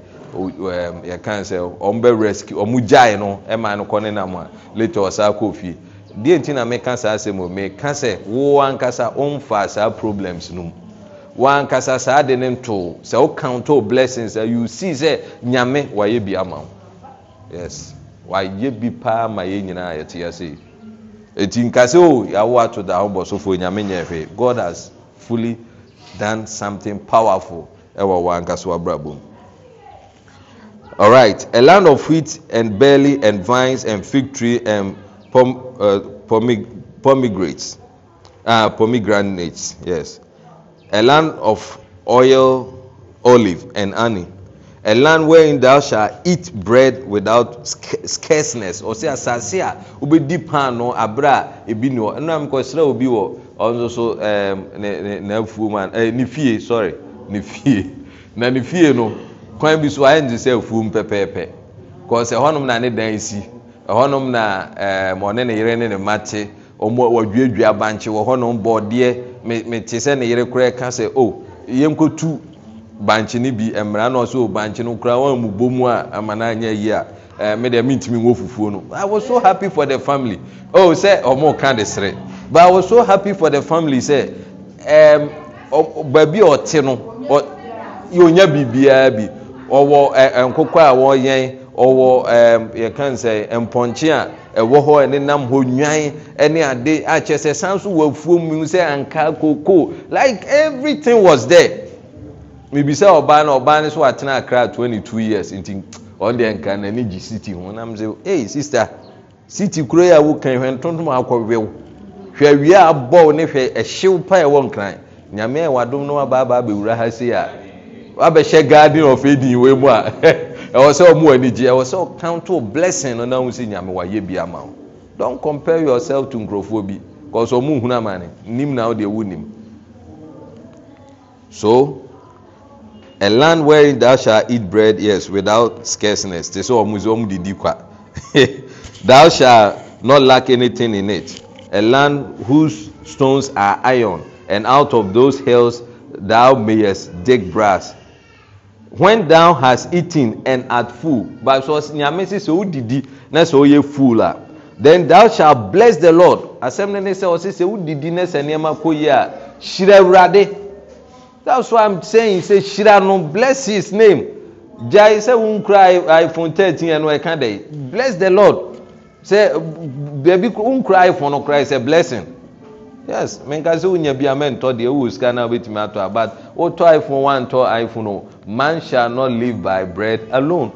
yɛkan sɛ ɔmbɛrescue ɔmo gyae no ma no kɔne nam a lata ɔsaa kɔɔ fie deɛ nti na meka saa asɛm o meka sɛ wo ankasa ɔmfaa problems no mu woankasa saa de ne ntoo sɛ wo blessings a you see sɛ nyame wayɛ bi ama wo yes wayɛ bi paa ma yɛ nyinaa yɛte ase ɛti nka sɛ o yɛawo ato da ho bɔsofoɔ nyame nyɛ hwee god has fully done something powerful ɛwɔ wɔn ankasa wabrabɔ mu alright a land of wheat and barley and vines and fig tree and pom uh, pomig Ah, uh, pomegranates yes a land of oil olive and honey a land wherein thou shalt eat bread without scarceness ɔsɛ asase a wobɛdi pan no aberɛ a ebi ni hɔ ɛnna mkɔsrɛ obi wɔ ɔno so ɛɛm ne ne n'afuo mu a ɛɛ ne fie sorry ne fie na ne fie no kwan bi so ayɛ ne sɛ afuom pɛpɛɛpɛ kɔsɛ ɛhɔnom na ne dan si ɛhɔnom na ɛɛm ɔne ne yere ne ne mma te ɔmo wɔduadua bankye wɔ hɔnom bɔɔdeɛ me me te sɛ ne yere koraa ka sɛ o oh, yɛn ko tu bankye ne bi eh, mmara na ɔsɛ bankye no koraa wɔn mu bom a ama na anya yie a ɛɛ eh, me deɛ mintimi wɔ fufuo no i was so happy for the family oh sɛ ɔmo ka de sere but i was so happy for the family sɛ ɛɛm ɔ baabi a ɔte no ɔ yonya biribiara bi ɔwɔ ɛɛ nkokɔ a wɔyɛn ɔwɔ ɛɛm yɛka nsɛ mpɔnkye a ɛwɔ eh, hɔ ɛne nam hɔ nwan ɛne ade akyɛ sɛ san so wɔ afuom mu sɛ anka koko like everything was there. Maybe say ɔbaa no ɔbaa no so atena akra two years nti ɔn deɛ nka n'ani gye city ho nam sɛ ee sista city kuro yi a wokan hwɛ ntontom akɔwew hwɛ awia abɔw ne hwɛ ɛhyew pa ɛwɔ nkran nyame a wadom no abaaba abɛwura ha se a wabɛhyɛ garden of eden wei mu a ɛwɔ sɛ ɔmo ani gye ɛwɔ sɛ ɔkanto blessing no n'ahu si nyame wayɛ bi ama wo don compare yourself to nkurɔfoɔ bi kɔsɔ ɔmo nhun ama ne nim na ɔde ewu nim so. aland wrntu shalt eat rea without scrceness t smdidi a tou shalt no lack anythg in it a land whose stones are iron and out of those hills thou myes dik brass en thou has eten an at fool nyame s sɛ wodidi n sɛ woyɛ ful a th thou shal bless the lord asɛmnnsɛ ssɛ wodidi n sɛ neɛma kɔ so msɛisɛ hyira no bless his name gyae sɛ wonkura iphone 13ɛnoɛka da bless the lord sɛwonkura iphone no kora sɛ blessny meka sɛ wonya biamantɔdeɛ wowɛsikano wobɛtimi atɔa but wotɔiphonewoantɔ iphoneo man shal no live by bread alone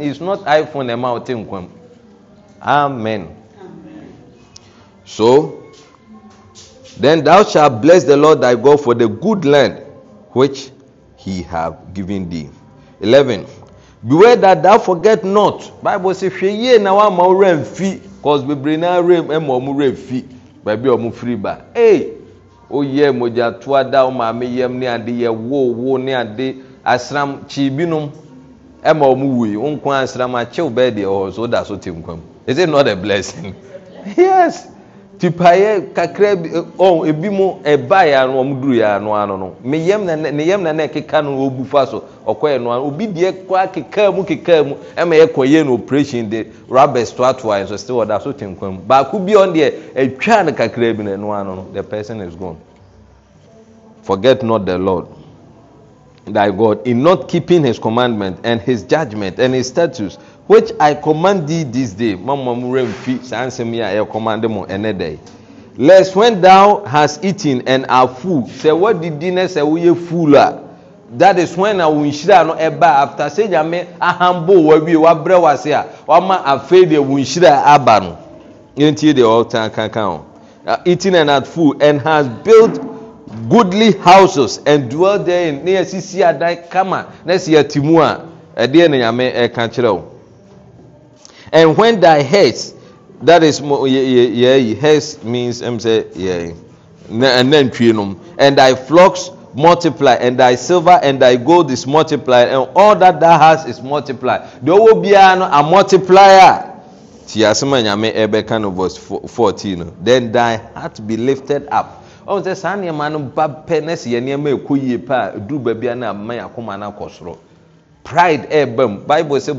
s not iphone ma wote nkam m so then tou shalt bless the lord thy god fɔ thegd which he have given thee. 11. Beware that thou forget not. Bible says, hwɛ yie na wa ma wo rɛ nfi cause bebree na rɛ ɛma ɔmo rɛ nfi baabi a ɔmo firi ba. Ee, oyɛ mogyatoa da wo maame ne ade ye wo wo ne ade asram kyi binom ɛma ɔmo wui. Wo asram akyew bɛɛ deɛ so da so Is it not a blessing? yes. tipaeɛ kakra bi eh, oh, mu ɛbaeɛ no ɔm durueɛ no ano no ne yam na ne ɛkeka no ɔbu fa so ɔkɔyɛ no ano obi deɛ kɔa kekaa mu kekaa mu ma yɛkɔyɛ no operation de rubbers toatoaɛ so still ɔda so te nkwa mu baako bi ɔn deɛ ɛtwaa no kakraa bi no ɛno ano no the person is gone forget not the lord thy God in not keeping his commandment and his judgment and his statutes which I command thee this day. Mama Muremfi Sansem ya I command mo Lest when thou hast eaten and are full, say what did dinner say we full That is when I will shira no eba after say jame ahambo wabi wabre wase a wama afei de will shira aba no. Yenti de all time can count. Eating and at full and has built goodly houses and dwell there in na yɛsisi adan kama na si yɛte mu a ɛdeɛ ne nyame ɛka eh, kyerɛ wo and when thy hurts that is yeah, hurts means ɛm sɛ yɛyi ɛnantwie eh, nom and thy flocks multiply and thy silver and thy gold is multiplied and all that thou hast is multiplied There will be a multiplier ti asɛm a nyame eh, verse fourteen then thy heart be lifted up. ɔhu sɛ saa nnoɔma no ba pɛ na si yɛ a ama no akɔ soro pride bible sɛ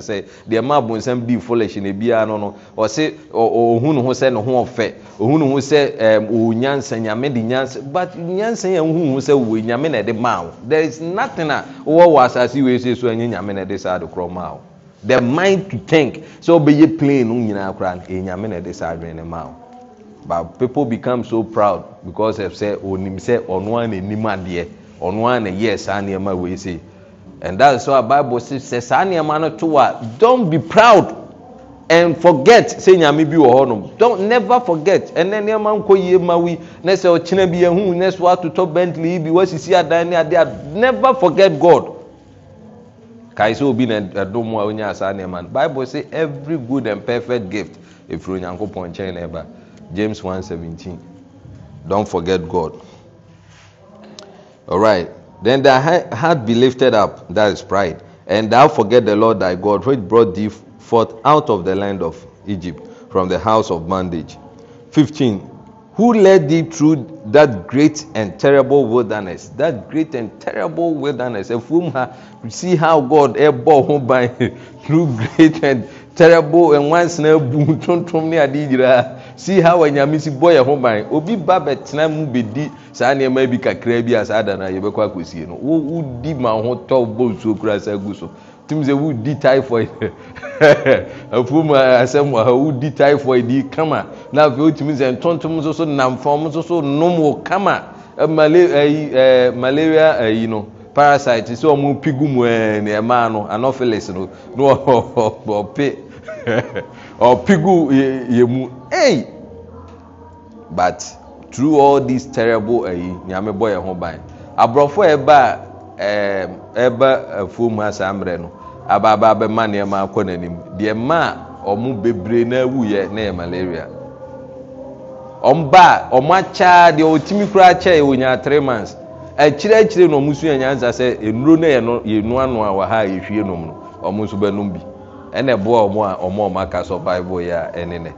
sɛ deɛ ma bonsam bii folish no biara no no ɔse ne ho sɛ ne ho ɔfɛ ne ho sɛ ɔwɔ nyansa nyame de nyansa but nyansa yɛ ho sɛ na ɛde maa wo there is nothing a wowɔ wɔ asase wei sɛ so ɛnyɛ nyame na ɛde saa ade korɔ maa wo the mind to think sɛ wobɛyɛ plane no nyinaa koraa na ɛde saa adwene maa peple become so proud becausf sɛ ɔnim sɛ ɔnoaanenim adeɛɔnanyɛ saa nnɔmasi asbible ɛ saa nnoɔma no toa don be proud an forget sɛ nyame bi wɔ hɔ nonever fgtnnoɔmaɔyemai n sɛɔkyena biahn satotɔ bentlei bi wssi adaeadeɛnever fget god kae sɛ ɔbi nodom aɔyaasaa nnoma bible sɛ every good and perfect gift ɛfiri onyankopɔn nkyɛn no ɛba James 1:17. Don't forget God. All right. Then thy heart be lifted up, that is pride, and thou forget the Lord thy God, which brought thee forth out of the land of Egypt, from the house of bondage. 15. Who led thee through that great and terrible wilderness? That great and terrible wilderness. If we see how God by through great and terrible and once in boom, si ha wɔ nyame si bɔ yɛ ho ban obi ba bɛtena mu bɛdi saa nnoɔma bi kakraa bi a saa da no yɛbɛkɔ akɔsie no wodi ma ho tɔ bɔ nsuo kora sa gu so tumi sɛ wodi typhoid afuom asɛm wɔ ha di typhoid yi kama na afei wotumi sɛ ntontom nso so namfam nso so nom wo kama malaria ayi no parasite sɛ ɔmo pigu gu mu ɛɛ ne ɛmaa no anopheles no na ɔpe ɔpigu yɛ mu e but through all this terrible ayi eh, neame bɔ yɛ ho ban aborɔfo a ɛba a eh, ɛba afuomu eh, asaa mmerɛ no abaabaa bɛma nnoɔma akɔ n'anim deɛ maa ɔmo bebree no awuiɛ ne yɛ malaria ɔmba a ɔmo akyɛa deɛ ɔtumi koraa kyɛe ɔnya 3 months akyirɛkyire no ɔmosu anyansa sɛ ɛnuro no yɛnoanoa wɔ ha a yɛhwie nom no ɔmo nso bɛnom bi ɛna ɛboa ɔmo a ɔmo ɔmo aka sɔ bible yɛ a ɛne nɛ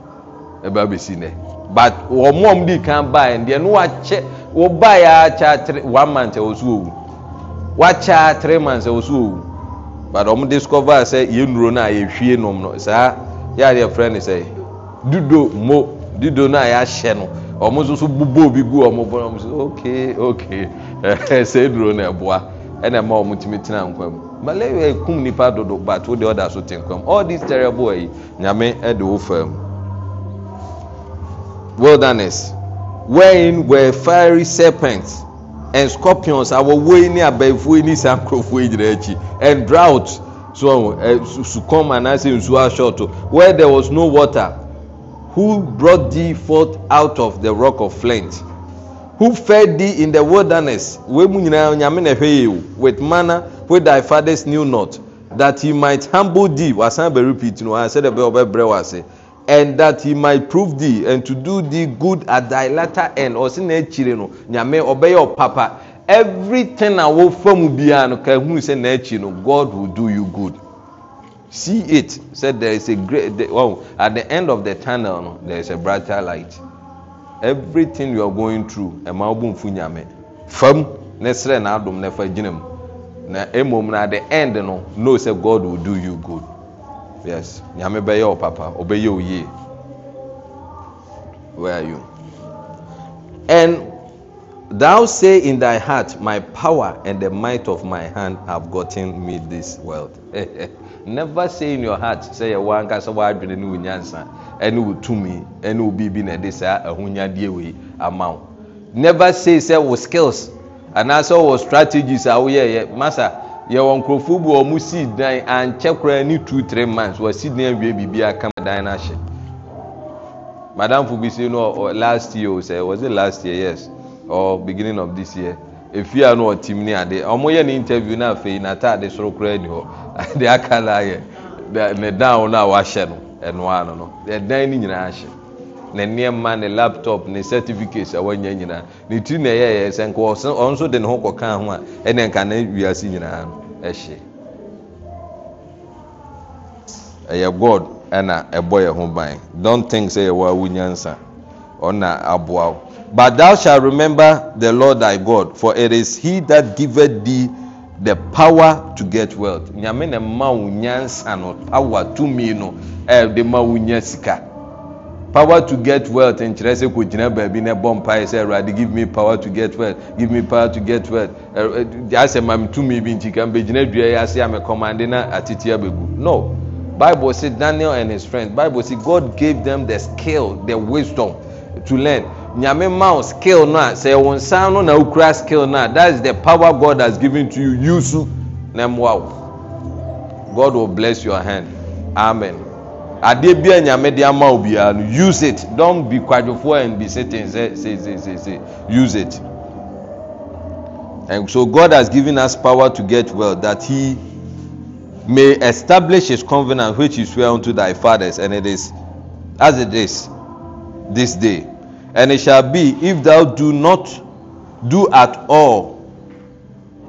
ɛbɛ abɛsi nɛ but ɔmo ɔmo di kan baa yɛn deɛ no wakyɛ wɔbaa yɛ akyɛ atere one month ɛwɔ so owu wakyɛ atere months ɛwɔ so owu but ɔmo discover sɛ yɛ nuro no a yɛhwie nom no saa yɛ adeɛ frɛ ne sɛ dudo mo dudo no a yɛahyɛ no ɔmo nso so bobɔ obi gu ɔmo bɔ ɔmo so okay okay ɛɛ sɛ nuro no ɛboa ɛna ma wɔn tumi tena nkwa mu malaria ekum nipa dodo but wo de ɔda so te nkwa mu all these terrible ɛyi nyame ɛde e wo fam wilderness wherein were fiery serpents and scorpions awɔwo yi ne abayifoɔ yi ne saa yi gyina akyi and drought so ɛ eh, sukɔm anaasɛ nsuo asɔɔto where there was no water who brought thee forth out of the rock of flint who fed thee in the wilderness wee mu nyinaa nyame na ɛhwɛ yie with manna wey thy fathers knew not that he might humble thee wasan bɛ repeat no wasan sɛ ɛbɛ ɔbɛ brɛ wase and that he might prove thee and to do thee good at thy latter end ɔsi na akyire no nyame ɔbɛyɛ ɔpapa everything a wofa mu biara no ka ehun sɛ na akyi no God will do you good see it said there is a great the, well oh, at the end of the tunnel no there is a brighter light everything you are going through ɛma wo bumfu nyame fam ne srɛ n'adom ne fa gyina mu na emom na the end no know say God will do you good yes nyame bɛyɛ o papa ɔbɛyɛ o yie where are you and thou say in thy heart my power and the might of my hand have gotten me this wealth never say in your heart say yɛ wɔ ankasa wɔ adwene ne wɔ nyansa ɛne wo tumi ɛne wo biribi na ɛde saa ahonyadeɛ wei ama wo never say sɛ wo skills anaasɛ wɔ strategies a woyɛyɛ masa yɛwɔ nkurɔfoɔ bi bu mu sii dan ankyɛ koraa ne two three months wɔsi dan awie biribiara kama dan no ahyɛ madamfo bi si no last year o sɛ was it last year yes or beginning of this year efi a no ɔtim ne ade ɔmo yɛ ne interview na afei n'ataade soro koraa ni hɔ ade aka na ayɛ ne dan no a wahyɛ no ɛnoa no no ɛdan no nyinaa ahye ne nneɛma ne laptop ne certificates a wanya nyinaa ne tiri na ɛyɛ ɛyɛ sɛ nka ɔn so de ne ho kɔka ho a ɛne nka ne wiase nyinaa no ɛhye ɛyɛ god ɛna ɛbɔ yɛ ho ban don think sɛ yɛwɔ awo nyansa ɔna aboa wo but thou shalt remember the lord thy god for it is he that giveth thee the power to get wealth nyame ne ma wo nyansa no power tumi no ɛde eh, ma wo nya sika power to get wealth nkyerɛ sɛ kɔgyina baabi na ɛbɔ mpaeɛ sɛ awurade give me power to get wealth give me power to get wealth eh, eh, asɛ ma tumi bi nti ka mbɛgyina dua yi ase a mekɔmande na atete abɛgu no bible say daniel and his friends bible say god gave them the skill the wisdom to learn nyame ma wo skill no a sɛ ɛwo nsan no na wokura skill no that is the power god has given to you Use na mmoa wo god will bless your hand amen adeɛ bia nyame de ama wo biara no use it don be kwadwofoɔ and be say, say, say, use it and so god has given us power to get well that he may establish his covenant which he swear unto thy fathers and it is as it is this day And it shall be, if thou do not do at all,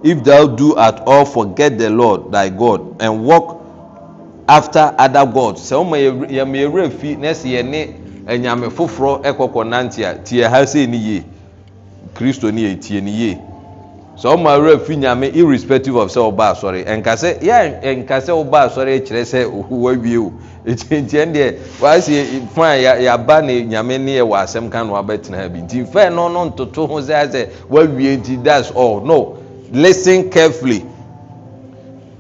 if thou do at all forget the Lord thy God and walk after other gods. Sɛ wɔn yɛn mmerɛ fi na ɛsɛ yɛn ne ɛnyame foforɔ ɛkɔkɔ nante a tie ha sɛ ni yie kristo ni yɛ tie ni yie sɛ wɔn mmerɛ fi nyame irrespective of sɛ ɔba asɔre nkasɛ yɛ nkasɛ ɔba asɔre kyerɛ sɛ wawie o ɛtintiɛn deɛ waasɛ fa a yɛaba ne nyame ne yɛ wɔ asɛm ka no wabɛtenaa bi nti fɛ no no ntoto ho sɛ asɛ woawie nti thats all no listen carefully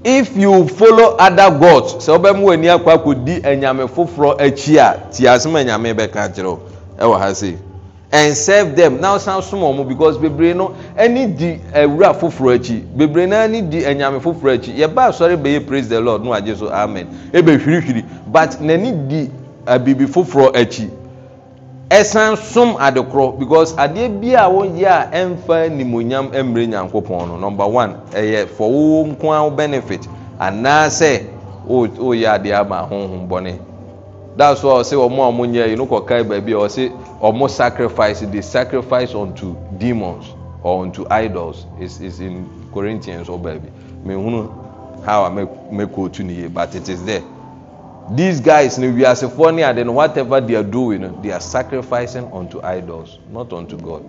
if you follow other gods sɛ wobɛma w'ani akɔ akɔdi anyame foforɔ akyi a ti asɛm anyame bɛka kyerɛ ɛwɔ ha sei and serve them Now ɔsan som wɔn because bebree no ani di awura foforɔ akyi bebree no ani di anyame foforɔ akyi yɛba asɔre bɛyɛ praise the lord no agye amen ebe hwirihwiri but n'ani di abibi eh, foforɔ akyi e ɛsan e som adekorɔ because adeɛ bi a wɔyɛ a ɛnfa nimonyam mmerɛ nyankopɔn no number one ɛyɛ e for wo nko ara benefit anaasɛ o yɛ adeɛ ama ahohom bɔne that's why ɔsɛ ɔmo a ɔmo nyɛ inu kɔkae baabi a ɔsɛ ɔmo sacrifice the sacrifice unto demons or unto idols is is in Corinthians or oh baabi mehunu how i make make otu ne yie but it is there these guys ne wiasefoɔ ne ade no whatever they are doing they are sacrificing unto idols not unto God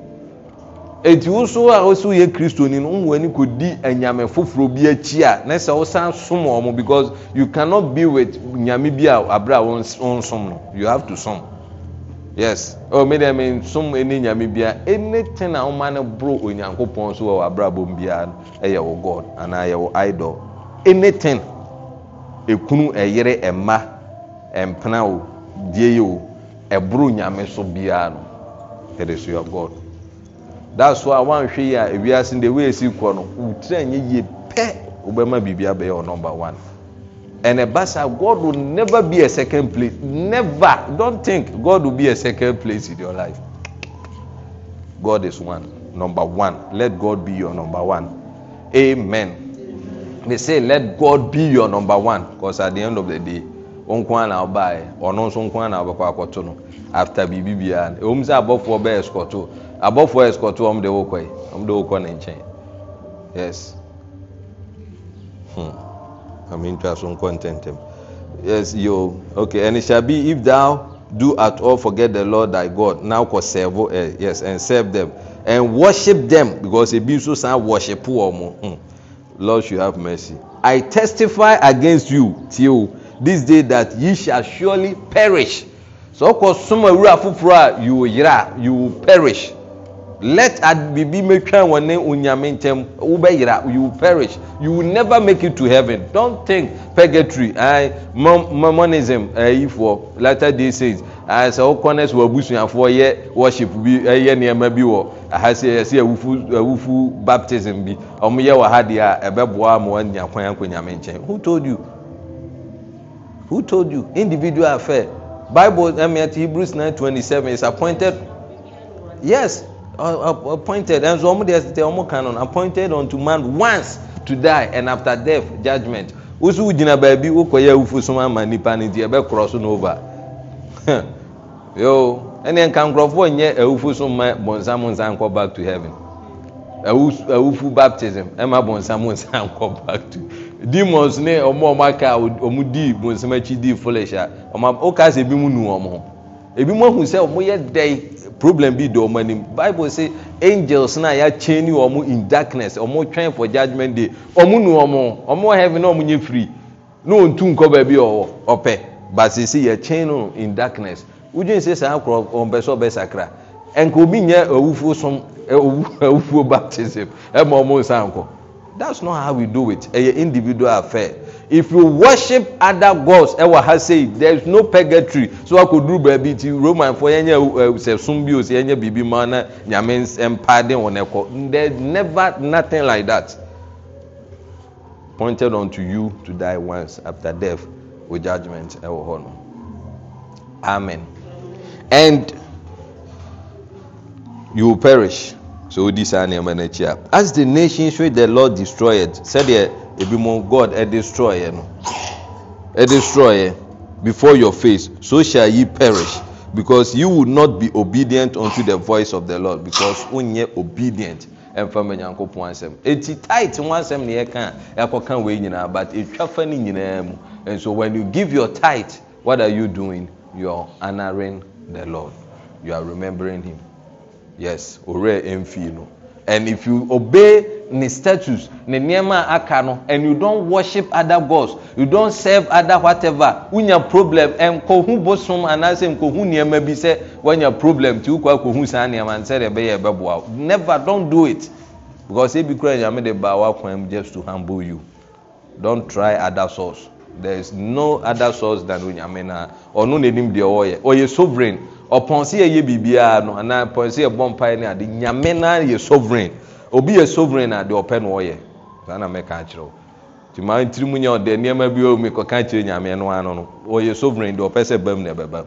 ɛti wo so a wo sɛ woyɛ kristoni no wohu ani kɔdi anyame foforɔ bi akyi a ne sɛ wosan som ɔ because you cannot be with nyame bi a aberɛ a wonsom no you have to som yes Oh, medeɛ mensom ɛni nyame bia anytin a woma no boro onyankopɔn so wɔ abrabɔm biara no ɛyɛ wo god anaa yɛwo idol Anything. ɛkunu ɛyere ɛmma ɛmpena o die yi o ɛboro nyame so biara no it is your god that's why wanhwɛ yi a ewiase de wei esi kɔ no wotira nye yie pɛ wobɛma biribi abɛyɛ wɔ number one and ebasa God will never be a second place never don't think God will be a second place in your life God is one number one let God be your number one amen they say let God be your number one cause at the end of the day nko a na ɔbaeɛ ɔno nso nko a na ɔbɛkɔ akɔto no after biribi biara no ɛwom sɛ abɔfoɔ bɛyɛ ɛskɔto abɔfoɔ ɛskɔto ɔmo de wokɔ yi ɔmo de wokɔ ne nkyɛn yes hmm i'm interested in content yes yo okay and it shall be if thou do at all forget the lord thy god now kɔ serve uh, yes and serve them and worship them because ebi nso san worship wɔn um, mo hmm lord should have mercy i testify against you till this day that ye shall surely perish So ɔkɔ som awura foforɔ a you will yera you will perish let abibi metwa wɔn ne onyame ntɛm wobɛyera you will perish you will never make it to heaven don't think purgatory ayi mormonism ɛyifoɔ eh, latter day saints ayi sɛ ɔkɔ ne sɛ wabusuafoɔ yɛ worship bi ɛyɛ nneɛma bi wɔ aha sɛ yɛsɛ awufu awufu baptism bi ɔmo yɛ wɔ ha deɛ a ɛbɛboa ama wɔn nyakwan akɔ nyame who told you. tyu individual affair bibleɛtebrws 927ɛmcanon appointed nto man on to die an after deaf judgment woswogyina baabi wokɔɛ awfsom ama nipano ti bɛkrɔ so noveneɛ nkankrɔfoɔ yɛ wfsoma bɔnsam nsank bak to heaven wf baptism ma bɔnsam nsnkbak demons ne ɔmo ɔmo aka ɔmo di bonsam akyi di foolish a ɔmo ɔka ebi mu nu ɔmo ho ebi mu ahu sɛ ɔmo yɛ dɛn problem bi da ɔmo anim bible say angels na yɛakyɛn ni ɔmo in darkness ɔmo twɛn for judgement day ɔmo nu ɔmo ɔmo heaven na ɔmo nye free na wɔn tu nkɔ baabi ɔwɔ ɔpɛ but sisi yɛakyɛn no in darkness wogye nse saa korɔ ɔmpɛ sɛ ɔbɛ sakra nka obi nyɛ awufuo som awufuo baptism ɛma ɔmo nsa nkɔ. That's not how we do it. A individual affair. If you worship other gods, ɛwɔ ha say there is no purgatory. So akoduru baabi ti Roman fo yɛnyɛ sɛ any uh, uh, osi any bibi ma na uh, nyame mpaade wɔn ɛkɔ. There is never nothing like that. Pointed unto you to die once after death with judgment Amen. And you will perish. so wodi saa nnoɔma no akyi a as the nations which the lord destroyed sɛdeɛ ebi mu god e destroyɛ e no e destroyɛ before your face so shall ye perish because you would not be obedient unto the voice of the lord because wonyɛ obedient mfama nyankopɔn asɛm eti tight ho asɛm na yɛka yɛakɔka wei nyinaa but etwa fa no nyinaa mu and so when you give your tight what are you doing you are honouring the lord you are remembering him yes owurɛ mfii no and if you obey ne status ne nneɛma a aka no and you don worship other gods you don serve other whatever wonya problem nkɔhu bosom anaasɛ nkɔhu nneɛma bi sɛ wanya problem ti wokɔ akɔhu saa nneɛma nsɛ de ɛbɛyɛ ɛbɛboa never don do it because ebi kura nyame de ba wa kwan just to humble you don try other source there is no other source than onyame na ɔno n'anim deɛ ɔyɛ ɔyɛ sovereign. ɔpɔn sɛ yɛyɛ biribiara no anaa ɔpɔn sɛ yɛbɔ mpaeɛ no ade nyame naa yɛ sovereign obi yɛ sovereign a deɛ ɔpɛ na ɔyɛ saa na mɛka akyerɛ wo nti maa ntiri mu nyɛ ɔdɛ nneɛma bi wɔ mu kɔka kyerɛ nyame no ano no ɔyɛ sovereign deɛ ɔpɛ sɛ bam na ɛbɛba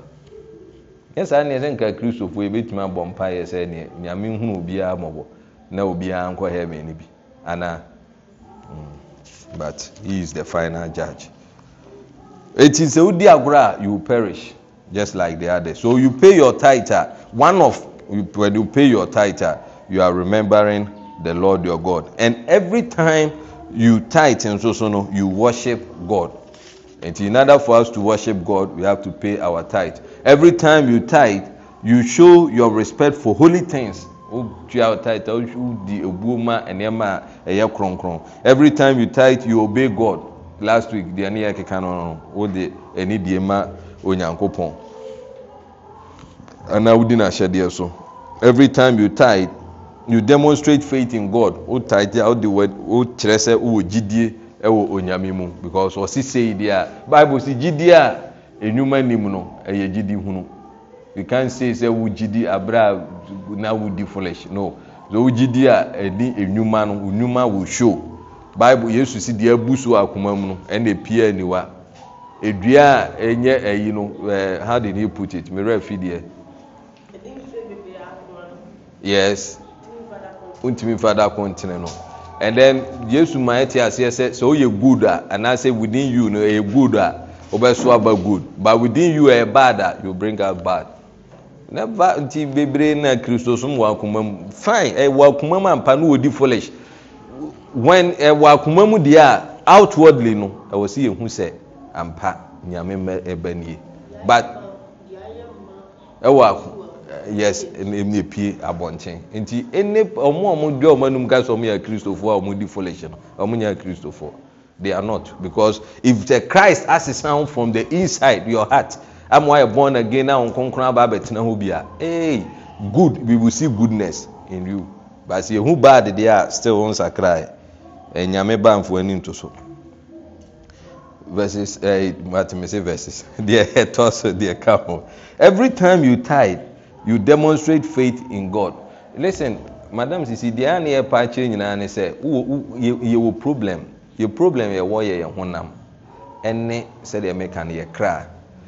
nyɛ saa nneɛ sɛ nka kristofo yɛbɛtumi abɔ mpaeɛ sɛ neɛ nyame hu obiara mmɔbɔ na obiara nkɔ heaven no bi anaa mm, but he is the final judge eti sɛ wodi agorɔ a you perish just like the other, So you pay your tithe. One of you, when you pay your tithe, you are remembering the Lord your God. And every time you tithe and so so no, you worship God. And in order for us to worship God, we have to pay our tithe. Every time you tithe, you show your respect for holy things. Every time you tithe, you obey God. Last week, the Aniya Kekano, Ode, Eni Diema, Onyankopon anaa wodi n'ahyɛdeɛ so every time you tithe you demonstrate faith in God o tithe a o de o kyerɛ sɛ o wɔ gyidie ɛwɔ onyame mu because ɔsi sei deɛ a bible si gyidie a enuma nim no ɛyɛ gyidi hunu you can say sɛ O gyidi abira na wo di no so wo gyidi a ɛdi enuma no enuma wo show bible yesu si deɛ abu so akoma mu no ɛna epia niwa edua a ɛnyɛ ɛyi no ɛɛ eh, how did he put it mmerɛ fi deɛ yes wontumi mfa da kontene no and then yesu ma ɛte aseɛ sɛ sɛ woyɛ good a anaasɛ within you no ɛyɛ good a wobɛso aba good but within you ɛyɛ bad a you bring out bad na ba nti bebree na kristosom wɔ akoma mu fine ɛwɔ eh, akoma mu ampa no wɔdi foolish when ɛwɔ eh, akoma mu deɛ a outwardly no ɛwɔ si yɛn ho sɛ ampa nyame mɛ ɛbɛ nie but ɛwɔ eh, akoma yes ɛmi epie abɔnten nti ɛne ɔmo a ɔmo dua ɔmo anum ka sɛ ɔmo yɛ kristofoɔ a ɔmo di foolish no ɔmo nyɛ kristofoɔ they are not because if the Christ as sound from the inside your heart am why you born again na nkonkron aba abɛtena ho bia hey good we will see goodness in you but sɛ ehu bad deɛ a still wɔn sakra ɛnyame ba nfo ani nto so verses ɛɛ eh, matemese verses deɛ ɛtɔ so deɛ ka ho every time you tithe you demonstrate faith in god listen madam sisi deɛ a ne yɛpa akyerɛ nyinaa ne sɛ yɛwɔ problem yɛ problem yɛwɔ yɛ yɛ honam ɛne sɛdeɛ meka no yɛ kra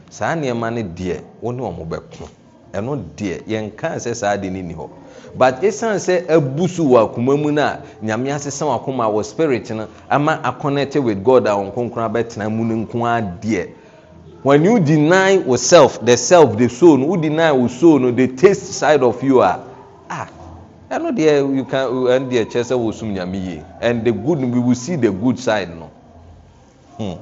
saa nneɛma no deɛ wo ne ɔmo bɛko ɛno deɛ yɛnkaa sɛ saa de no ni hɔ but ɛsiane sɛ abu so wɔ akoma mu no a nyame asesa wakoma wɔ spirit no ama aconnected with god a wɔn kronkron abɛtena mu no nko ara when you deny w slfe slf e so no wodene wo s no the taste side of you adeɛ kyrɛ sɛ wɔ somnayeng s te good side no hmm.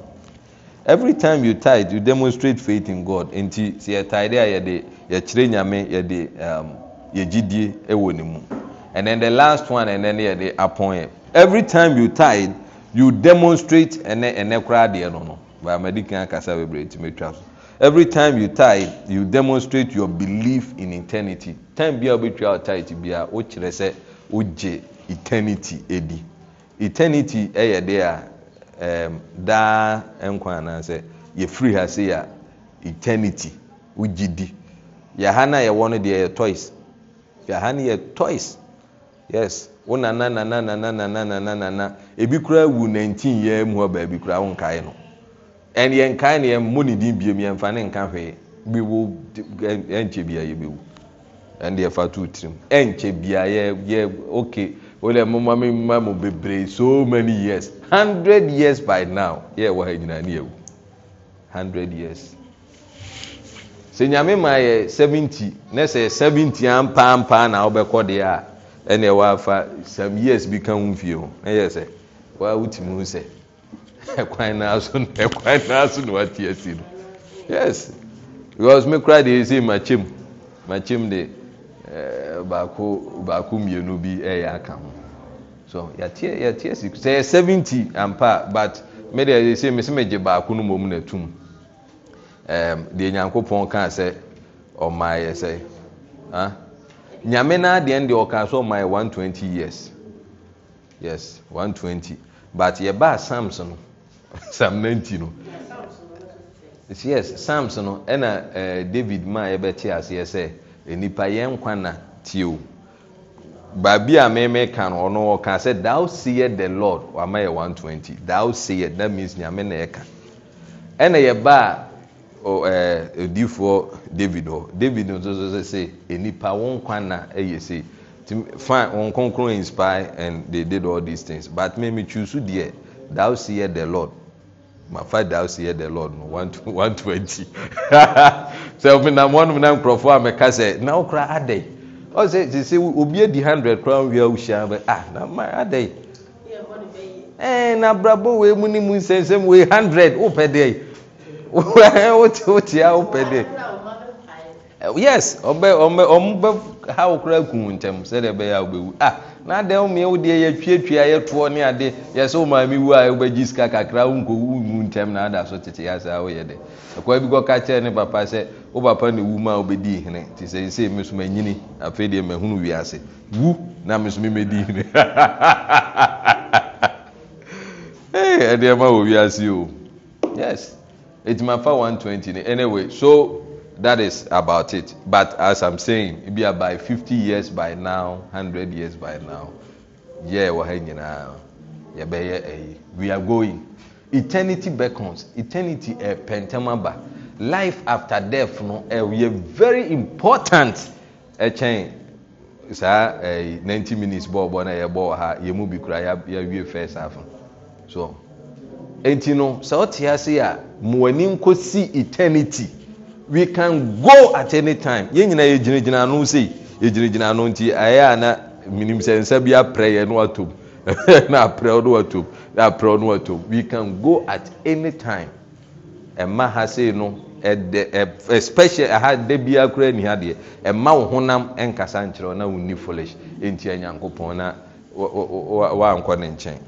evrytime you t you demonstrate faith in god ntiɛ yɛtede a yɛkyerɛ nyame yɛde um, yɛgyidiewɔ ne mu ɛnthe last oɛnn yɛde apɔnɛ every time you ti you demonstrate ɛnɛ koradeɛ no bàmàdì kan kasa bebree tí mi so every time you tie, you demonstrate your belief in eternity time be a wobɛtwa o tithe bi a wokyerɛ sɛ wogye eternity edi eternity yɛ deɛ a um, na nkwa anaasɛ yɛfiri ha se a eternity wogye di yɛha no a yɛwɔ no deɛ yɛ toys yɛha na na na na na na na na na na na mu hɔ baabi koraa wonkae no and yɛn nkae no yɛn mmɔ ne din biem yɛn fa ne nka hwee bi wo ɛnkyɛ bia yɛ bɛwu ɛn deɛ fa tu tirim ɛnkyɛ bia yɛ yɛ okay wọlé mọ́mọ́ mi mọ́ mo bebree so many years hundred years by now yẹ wọ ha nyinaa ni ewu hundred years sɛ nyame ma yɛ seventy ne sɛ seventy ampaampa na wobɛkɔ deɛ a ɛnna ɛwɔ afa some years bi ka ho fie ho ɛyɛ sɛ wɔawotumi ho sɛ. akwan noaso ne wateasi no ys because mekora deɛ ɛsei makmakyem de eh, baako mmienu bi yɛ aka hotasisɛ yɛ 70 ampaabut medeɛsi me semegye baako no momnatom deɛ nyankopɔn kaa sɛ ɔmaa yɛ sɛ nyame noadeɛn deɛ ɔka so ɔmayɛ 120 yea 120 but yɛbaa samson psalm 90 no yes psalms no ɛna eh, david maa yɛbɛte aseɛ sɛ nnipa yɛn nkwa na tieo baabi a memeka no ɔno ɔka sɛ thou seest the lord wama yɛ 120 thou seest that means nyame na ɛka ɛna yɛba a eh, odiifoɔ david hɔ david nso so sɛ sɛ nnipa wo nkwa na ɛyɛ sei fine wɔn kronkron inspire and they did all these things but me me choose deɛ thou seest the lord My father thousand yɛ the lord no one one twenty So sɛ ɔmenam wɔn menam nkurɔfoɔ a mɛka sɛ na ɔkora adɛ ɔsɛ sese obi edi hundred kora nwia ohyia bɛ ah na ma adɛ ɛɛ eh, na abrabɔ wei mu ni mu nsɛnsɛm wei hundred wopɛ dɛ wotia wopɛ dɛ. Uh, yes ɔmbɛha wo kora aku wo ntɛm sɛdeɛ ɛbɛyɛ a wobɛwu na adɛ womeɛ wo deɛ yɛtwatwua yɛtoɔ ne ade yɛ sɛ womaame wu a wobɛgye sika kakra wonkɔwumu ntɛm na ada so tete asaa woyɛ dɛ ɛkwa bi kɔka kyerɛ ne papa sɛ wo papa ne wu ma a wobɛdii hene nti sɛsei me so manyini afei deɛ mahunu wiase wu na me so memɛdii hene eh, ɛdeɛ ma wɔ wiase o yes ɛtumi afa 120 no anyway so that is about it but as i'm saying ebi by fifty years by now hundred years by now Yeah, wọ ha nyinaa yẹ bẹ yẹ ẹyi we are going eternity beckons eternity ẹ eh, pẹntẹm life after death no ẹ eh, yẹ very important ẹ kyẹn saa ẹyi ninety minutes bọọ bọọ na yẹ bọọ ha yẹ mu bi kura yẹ wie first half so eti no sọ ọ te ase a mọ ani nkọ si eternity we can go at any time yɛn nyinaa yɛ gyinagyina ano sei yɛ gyinagyina ano nti ayɛ a na minim sɛ nsa bi aprɛ yɛ no atom na aprɛ no atom na aprɛ no atom we can go at any time ɛma ha sei no ɛdɛ ɛ especially ɛha de bi akora ni ha deɛ ɛma wo honam ɛnkasa nkyerɛ na wo ni foolish enti ɛnyankopɔn na wa wa wa nkɔ ne nkyɛn.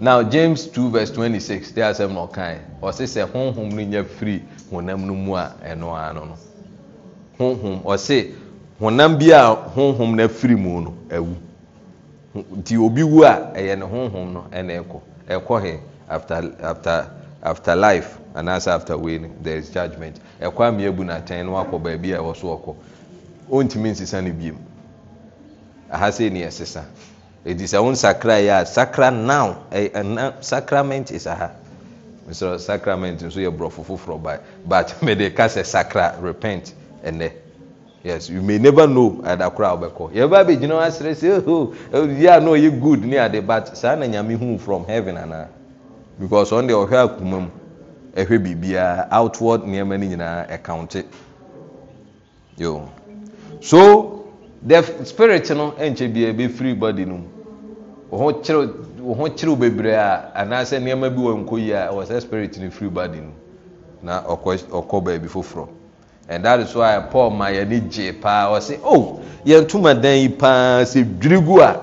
now james two verse twenty-six de asɛm na ɔkan ɔsi sɛ honhom no nya free honamnomu a ɛno ar no no hoho ɔse honam biaa honhom no afiri mu no awu nti obi wu a ɛyɛ no honhom no nɛ ɛkɔ ɛkɔhɛ after life anaasɛ after wyn theres judgment ɛkɔ amiabu no atan no akɔ baabi a ɛwɔ soɔkɔ ɔntimi nsisa no biemu aha sɛiniɛ sesa ɛdi sɛ wosakraeɛ a nosacrament sa ha mesrɛ sacrament nso yɛ borɔfo foforɔ ba but me mede ka sɛ sacra repent ɛnɛ yes you may never know adakora a wobɛkɔ yɛba bɛgyina asrɛ sɛ yɛ a no, ɔyɛ good ne ade but saa na nyame hu from heaven ana, uh, because ɔn deɛ ɔhwɛ akoma mu ɛhwɛ biribiara uh, outward nneɛma no nyinaa ɛkaunte yo so the spirit no nkyɛ biara bɛfiri body no mu wo ho kyerew bebree a anaasɛ nnoɔma bi wɔnkɔ yi a ɛwɔ sɛ spirit no fri body no na ɔkɔ baabi foforɔ ɛndade so a paul ma yɛne gye paa ɔse oh, o yɛntomadan yi paa sɛ dwiri gu a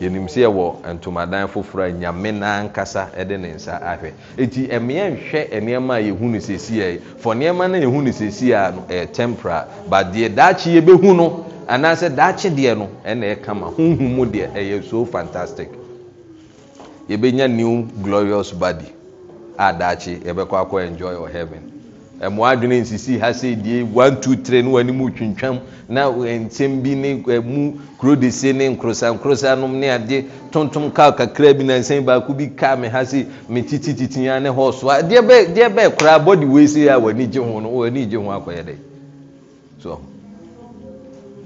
yɛnim sɛ yɛwɔ ntomadan foforɔ a nyame naa nkasa e ne nsa ahwɛ ɛnti ɛmeɛ nhwɛ a yɛhu no sɛsiei fɔ nnoɔma no yɛhu no a no ɛyɛ e but deɛ daakye no anaasɛ daakye deɛ no ɛna ɛka ma honhum mu deɛ ɛyɛ so fantastic yɛbɛnya new glorious body a daakye yɛbɛkɔ akɔ enjoy your heaven ɛmoa adwene nsisi ha sɛ die one two three no wani mu twintwam na nsɛm bi ne mu kurodese ne nkorosa nkorosa nom ne ade tontom kaa kakra bi na nsɛm baako bi kaa me ha sɛ me titi titi ya ne hɔ so a deɛ bɛɛ deɛ bɛɛ koraa body wei sɛ a wani gye ho no wani gye ho akɔyɛ dɛ so.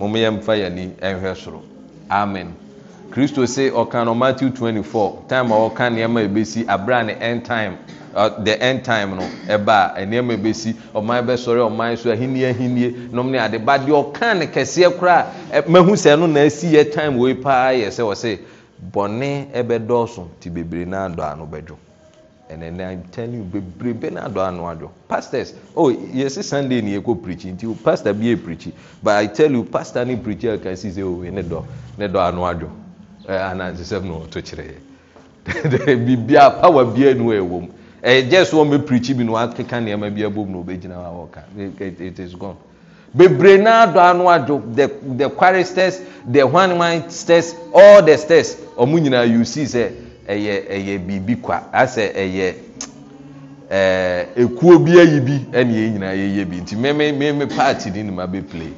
mom yɛmfa yɛni nhwɛ soro amen kristo se ɔka no matthew 24 time a ɔka nneɛma ɛbɛsi aberɛ a end time uh, the end time no ɛba a nneɛma ɛbɛsi ɔman bɛsɔre ɔman so ahenni ahenni nom ne ade ba deɛ ɔka ne kɛseɛ koraa e, mahu sɛ no na asi yɛ time wei paa yɛ sɛ wɔ se bɔne ɛbɛdɔɔso nti bebree naa dɔ ano bɛdwo imtlin ubebrebɛ n adɔ anoadwo pastrsyɛse oh, sunday neyɛkɔ prichinti pastor bi prichi but i telou pastor oh, ne prichi aka sii sɛ ɔne dɔ anoadwoanante eh, sɛmno ɔto kyerɛɛ birbia power bia nu ɛwɔ m gye eh, so ɔmɛ pritchi bi no akeka nnoɔma bi abo mu no ɔbɛgyinaaɔkaitis go bebre no adɔ anoadwo the kware sters the anen sters ɔll the stars ɔmo nyinaa osei sɛ ɛyɛ biribi kwa asɛ ɛyɛ ekuo bi ayi bi ɛna yɛ nyinaa yɛyɛ bi nti meme party no nima bɛplei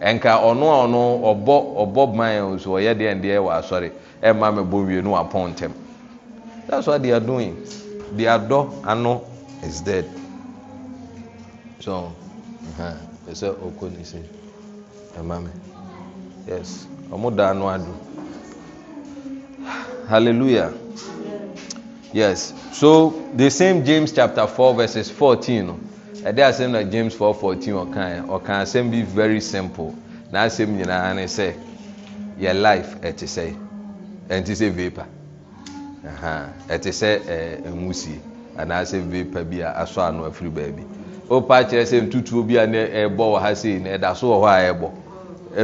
ɛnka ɔno a ɔno ɔbɔ man so ɔyɛ deɛ ndeɛ wɔ asɔre mma wie no ntɛm that's what they doing is dead so ɛsɛ ɔkɔ ne se Hallelujah. Yes. So the same James chapter 4 verses 14. Ɛde asɛm na James four 4:14 ɔkan ɔkan asɛm be very simple. Na asɛm nyinaa ne sɛ yɛ life ɛte sɛ ɛnte sɛ vapor. Ɛte sɛ ɛɛ nwusie anaasɛ vapour bi a asɔ ano afiri baabi. Opa kyerɛ sɛ ntutuo bi a ɛbɔ wɔ ha sei na da so wɔ hɔ a ɛbɔ.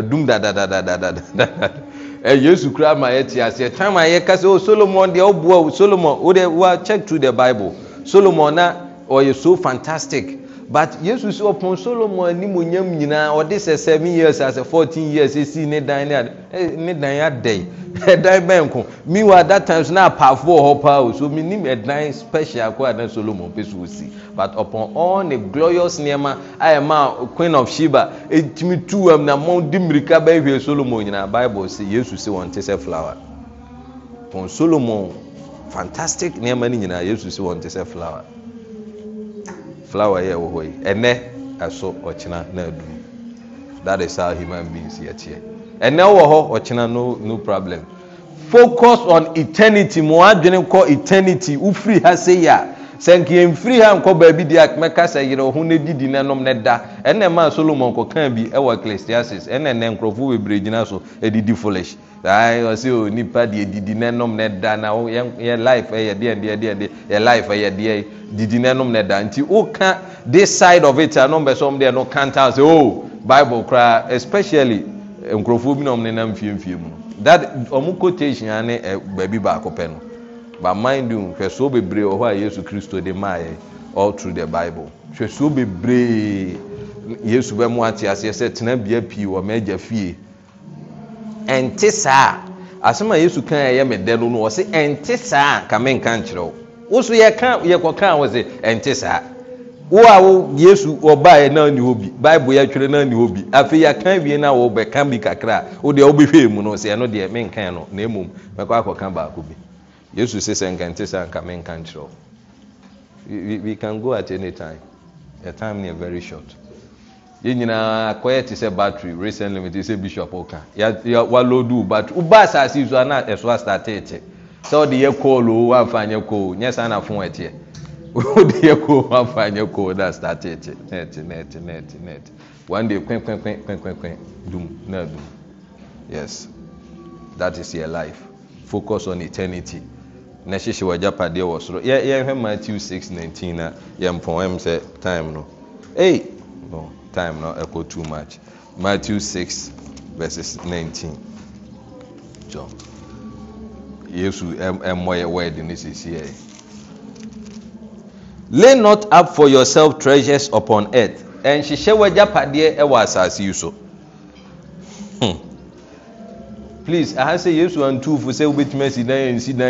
Ɛdum dadadadadadada. Eh, yesu kora ma yɛte aseɛ time a yɛka sɛ oh, solomon deɛ woboa oh, solomon wodewa oh, check through the bible solomon na ɔyɛ so fantastic but yesu sɛ ɔpɔn solomon animonyam nyinaa ɔde sɛ seven years as a fourteen years ɛsii ne dan ne dan adɛe ɛdan bɛnko meanwhile that time so na apaafoɔ hɔ paa o so menim ɛdan special kɔ adan solomon pɛ so but upon all the glorious nneɛma a ɛma queen of sheba ɛtumi tu am na mɔn de mmirika bɛhwɛ solomon nyinaa bible sɛ yesu sɛ wɔn te sɛ flower pɔn solomon fantastic nneɛma no nyinaa yesu sɛ wɔn te sɛ flower flower yɛ wɔ hɔ yi ɛnɛ ɛso ɔkyena na that is how human beings yɛteɛ ɛnɛ wɔ hɔ ɔkyena no no problem focus on eternity mo adwene kɔ eternity wofiri ha sɛ a sɛ nkeɛ mfiri ha nkɔ baabi deɛ mɛka sɛ yerɛ ho no didi no nom no da ɛnɛ maa solomon kɔkaa bi ɛwɔ ecclesiastes ɛnɛ nɛ nkurɔfoɔ bebree gyina so ɛdidi foolish ɔsɛ nipa deɛ didi no nom no da na yɛ life ɛyɛ deɛdeɛdeɛde yɛ life ɛyɛ deɛ didi no nom no da nti woka this side of it a no mbɛ sɛ deɛ no kanta sɛ o bible koraa especially nkurɔfoɔ bi na ɔm nenam fiemfie mu no that ɔmo quotation a ne baabi baako pɛ no but mind you hwɛsoɔ bebree wɔ hɔ a yesu kristo de maa yɛ all through the bible hwɛsoɔ bebree yesu bɛ mu ate aseɛ sɛ tena bea pii wɔ mɛgya fie ɛnte saa asɛm a yesu kan ɛyɛ me dɛ no no ɔse ɛnte saa kame nka nkyerɛ wo woso yɛka yɛkɔka wɔ sɛ ɛnte saa wo a wo yesu ɔbaeɛ na ni hɔ bi bible yɛtwerɛ na ni hɔ bi afei yɛka wie no a wɔbɛka bi kakra a wo deɛ wobɛhwɛɛ mu no sɛ ɛno deɛ menkan no na mmom mɛkɔ akɔka baako bi yesu sɛ sɛ nkante sɛ anka menka nkyerɛ wo we we can go at any time the time near very short yɛ nyinaa akɔyɛ te sɛ battery Recent limit te sɛ bishop ɔka waloodu battery uba asase yi so ana ɛso asateete sɛ ɔde yɛ kool o wafa nyɛ kool nyɛ saa na fon ɛteɛ ɔde yɛ kool wafa nyɛ kool na asateete nɛɛte nɛɛte nɛɛte Net, one day kwen kwen kwen kwen kwen kwen dum na dum yes that is your life focus on eternity. nhyehy 'ayapadeɛ wɔ soyɛhwɛ mattew 619 a yɛmpɔm sɛ time no tim no ɛkɔ tomuch matt 69desap fo yuf tasu upon eart nhyehyɛ w'agyapadeɛ wɔ asase yi so hmm. pleas hasɛ yesuantfo sɛ wobɛtumisidasda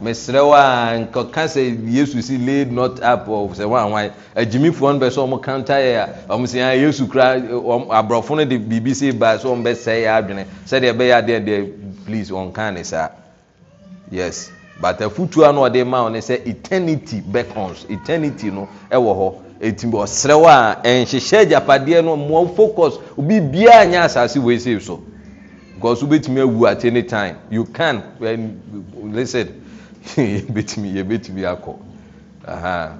mesrɛ a nkɔka sɛ yesu si laid not up sɛ wawan agyimifoɔ no bɛ sɛ ɔmo kantaeɛ a ɔmo sɛ ah, yesu kora aborɔfo no de biribi sei baa sɛ ɔmo bɛsɛe yɛ adwene sɛdeɛ ɛbɛyɛ adeɛ deɛ please ɔnka ne saa yes but afotua no ɔde ma wo sɛ eternity beckons eternity no wɔ hɔ ɛti ɔsrɛ w a ɛnhyehyɛ agyapadeɛ no mmoa focus obi biaa nyɛ asase wei sei so because wobɛtumi awu at any time you can when listen yɛbɛtumi akɔ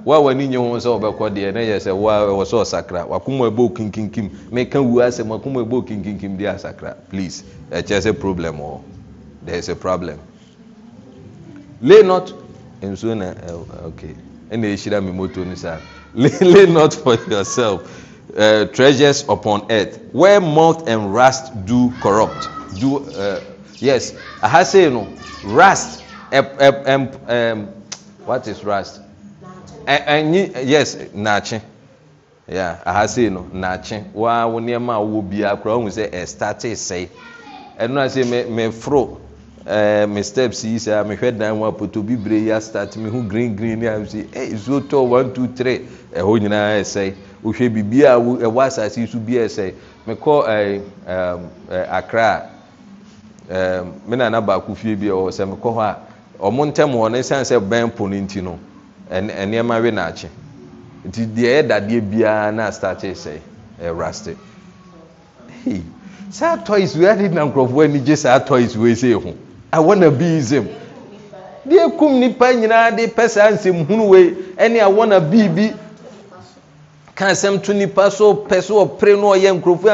wo a w'ani nye ho sɛ wobɛkɔ deɛ ne yɛ sɛ wɔ sɛ ɔsakra Wakumu ɛbɛ kinkinkim meka wu asɛm wakumu ɛbɛ kinkinkim deɛ asakra please ɛkyɛ sɛ problem wɔ there is a problem lay not nsuo na eh, okay ɛna ehyira mi moto ne saa lay not for yourself uh, treasures upon earth where moth and rust do corrupt do uh, yes aha say no rust what is rust ɛnyi e, e, yes naakye yeah ahasei no naakye waa wo nneɛma a wowɔ biara koraa wohu sɛ ɛstate eh, sɛe ɛno a sɛ meforo ɛɛ eh, me steps yi sɛ ah, mehwɛ dan mu apoto bibire yi astart ah, me ho green green ne am si ɛ nsuo tɔ one two three ɛhɔ nyinaa ɛsɛe eh, wohwɛ biribi a ɛwɔ asase yi so bi ɛsɛe mekɔ ɛɛ ɛɛ akra ɛɛ me na baako fie bi ɛwɔ sɛ mekɔ hɔ a ɔmo ntɛm wɔ ne san sɛ bɛn po ne nti no nneɛma e, we n'akyi nti deɛ ɛyɛ dadeɛ biara na asitaakye sɛ ɛraste hey saa toys wei adi na nkurɔfoɔ ani gye saa toys wei sɛ ho awɔ na bi zem deɛ kum nipa nyinaa de pɛ saa nsɛm hunu wei ɛne awɔ na bi bi ka asɛm to nipa so pɛ so ɔpere no ɔyɛ nkurɔfoɔ